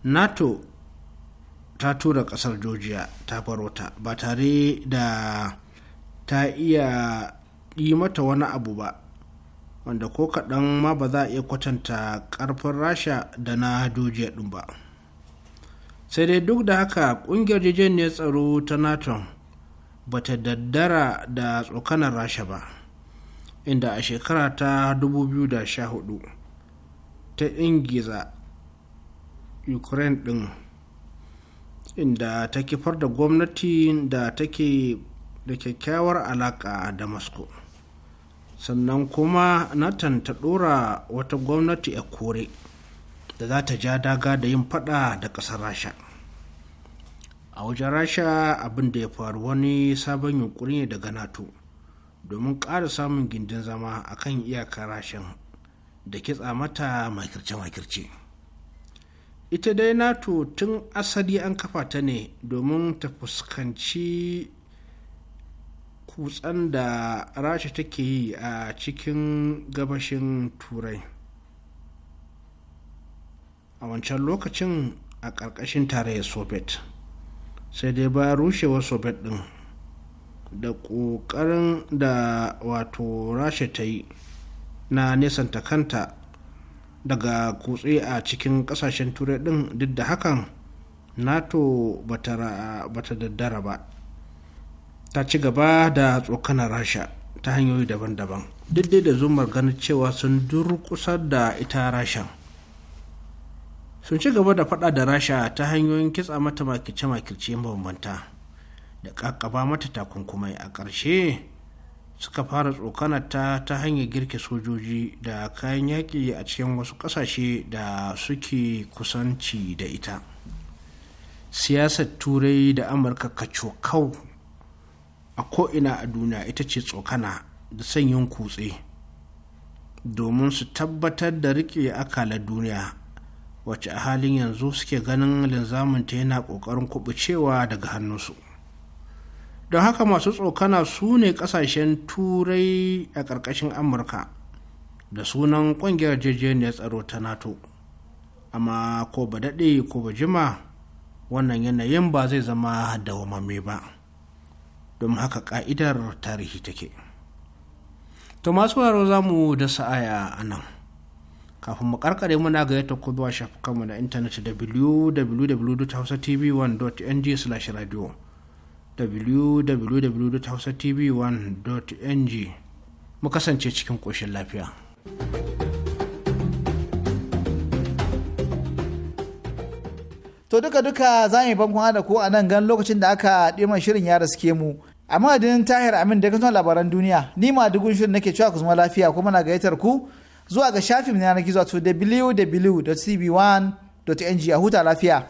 S11: nato ta tura kasar georgia ta farota ba tare da ta iya yi mata wani abu ba wanda ko kaɗan ma ba za a iya kwatanta ƙarfin rasha da na georgia ɗin ba sai dai duk da haka ƙungiyar jijiyar tsaro ta nato ba ta daddara da tsokanar rasha ba inda a shekara ta 2014 ta ingiza ukraine ɗin inda ta kifar da gwamnati da take da kyakkyawar alaƙa da moscow sannan kuma natan ta ɗora wata gwamnati a kore da za ta ja daga da yin fada da ƙasar rasha a wajen rasha abin da ya faru wani sabon yunkuri ne daga nato domin ƙara samun gindin zama akan iyakar rashin da kitsa mata makirce-makirce. ita dai nato tun asali an kafa ta ne domin ta fuskanci kutsan da rasha take yi a cikin gabashin turai a wancan lokacin a ƙarƙashin tarayyar soviet sai dai ba rushewar soviet ɗin da ƙoƙarin da wato rasha ta yi na nesanta kanta daga kutse a cikin kasashen turai din duk da hakan nato bata daddara ba ta ci gaba da tsokanar rasha ta hanyoyi daban-daban duk da zumar ganin cewa sun durkusa da ita rasha sun ci gaba da fada da rasha ta hanyoyin kitsa mata makirce-makirce mabambanta da kakaba mata takunkumai a ƙarshe suka fara tsokanata ta hanyar girke sojoji da kayan yaƙi a cikin wasu ƙasashe da suke kusanci da ita siyasar turai da amurka kacokau a ko'ina a duniya ita ce tsokana da sanyin kutse domin su tabbatar da riƙe akalar duniya wacce a halin yanzu suke ganin linzamin ta yana ƙoƙarin kubucewa daga hannunsu don haka masu tsokana su ne kasashen turai a ƙarƙashin amurka da sunan ƙungiyar jejeniyar tsaro ta nato amma ko ba daɗe ko ba jima wannan yanayin ba zai zama dawamame ba don haka ƙa'idar tarihi take to masu waro za mu da sa'aya a nan kafin mu karkare muna ga yadda ku zuwa shafukanmu na intanet www.hausatv1.ng/radio www.hausatv1.ng mu kasance cikin ƙoshin lafiya.
S2: To duka-duka za mu yi bankon da ko a nan gan lokacin da aka ɗima shirin ya raske mu. A madadin tahir amin da kasuwan labaran duniya, ni ma dugun shirin nake cewa ku zama lafiya kuma na gayyatar ku zuwa ga shafin yanar gizo to www.cb1.ng a huta lafiya.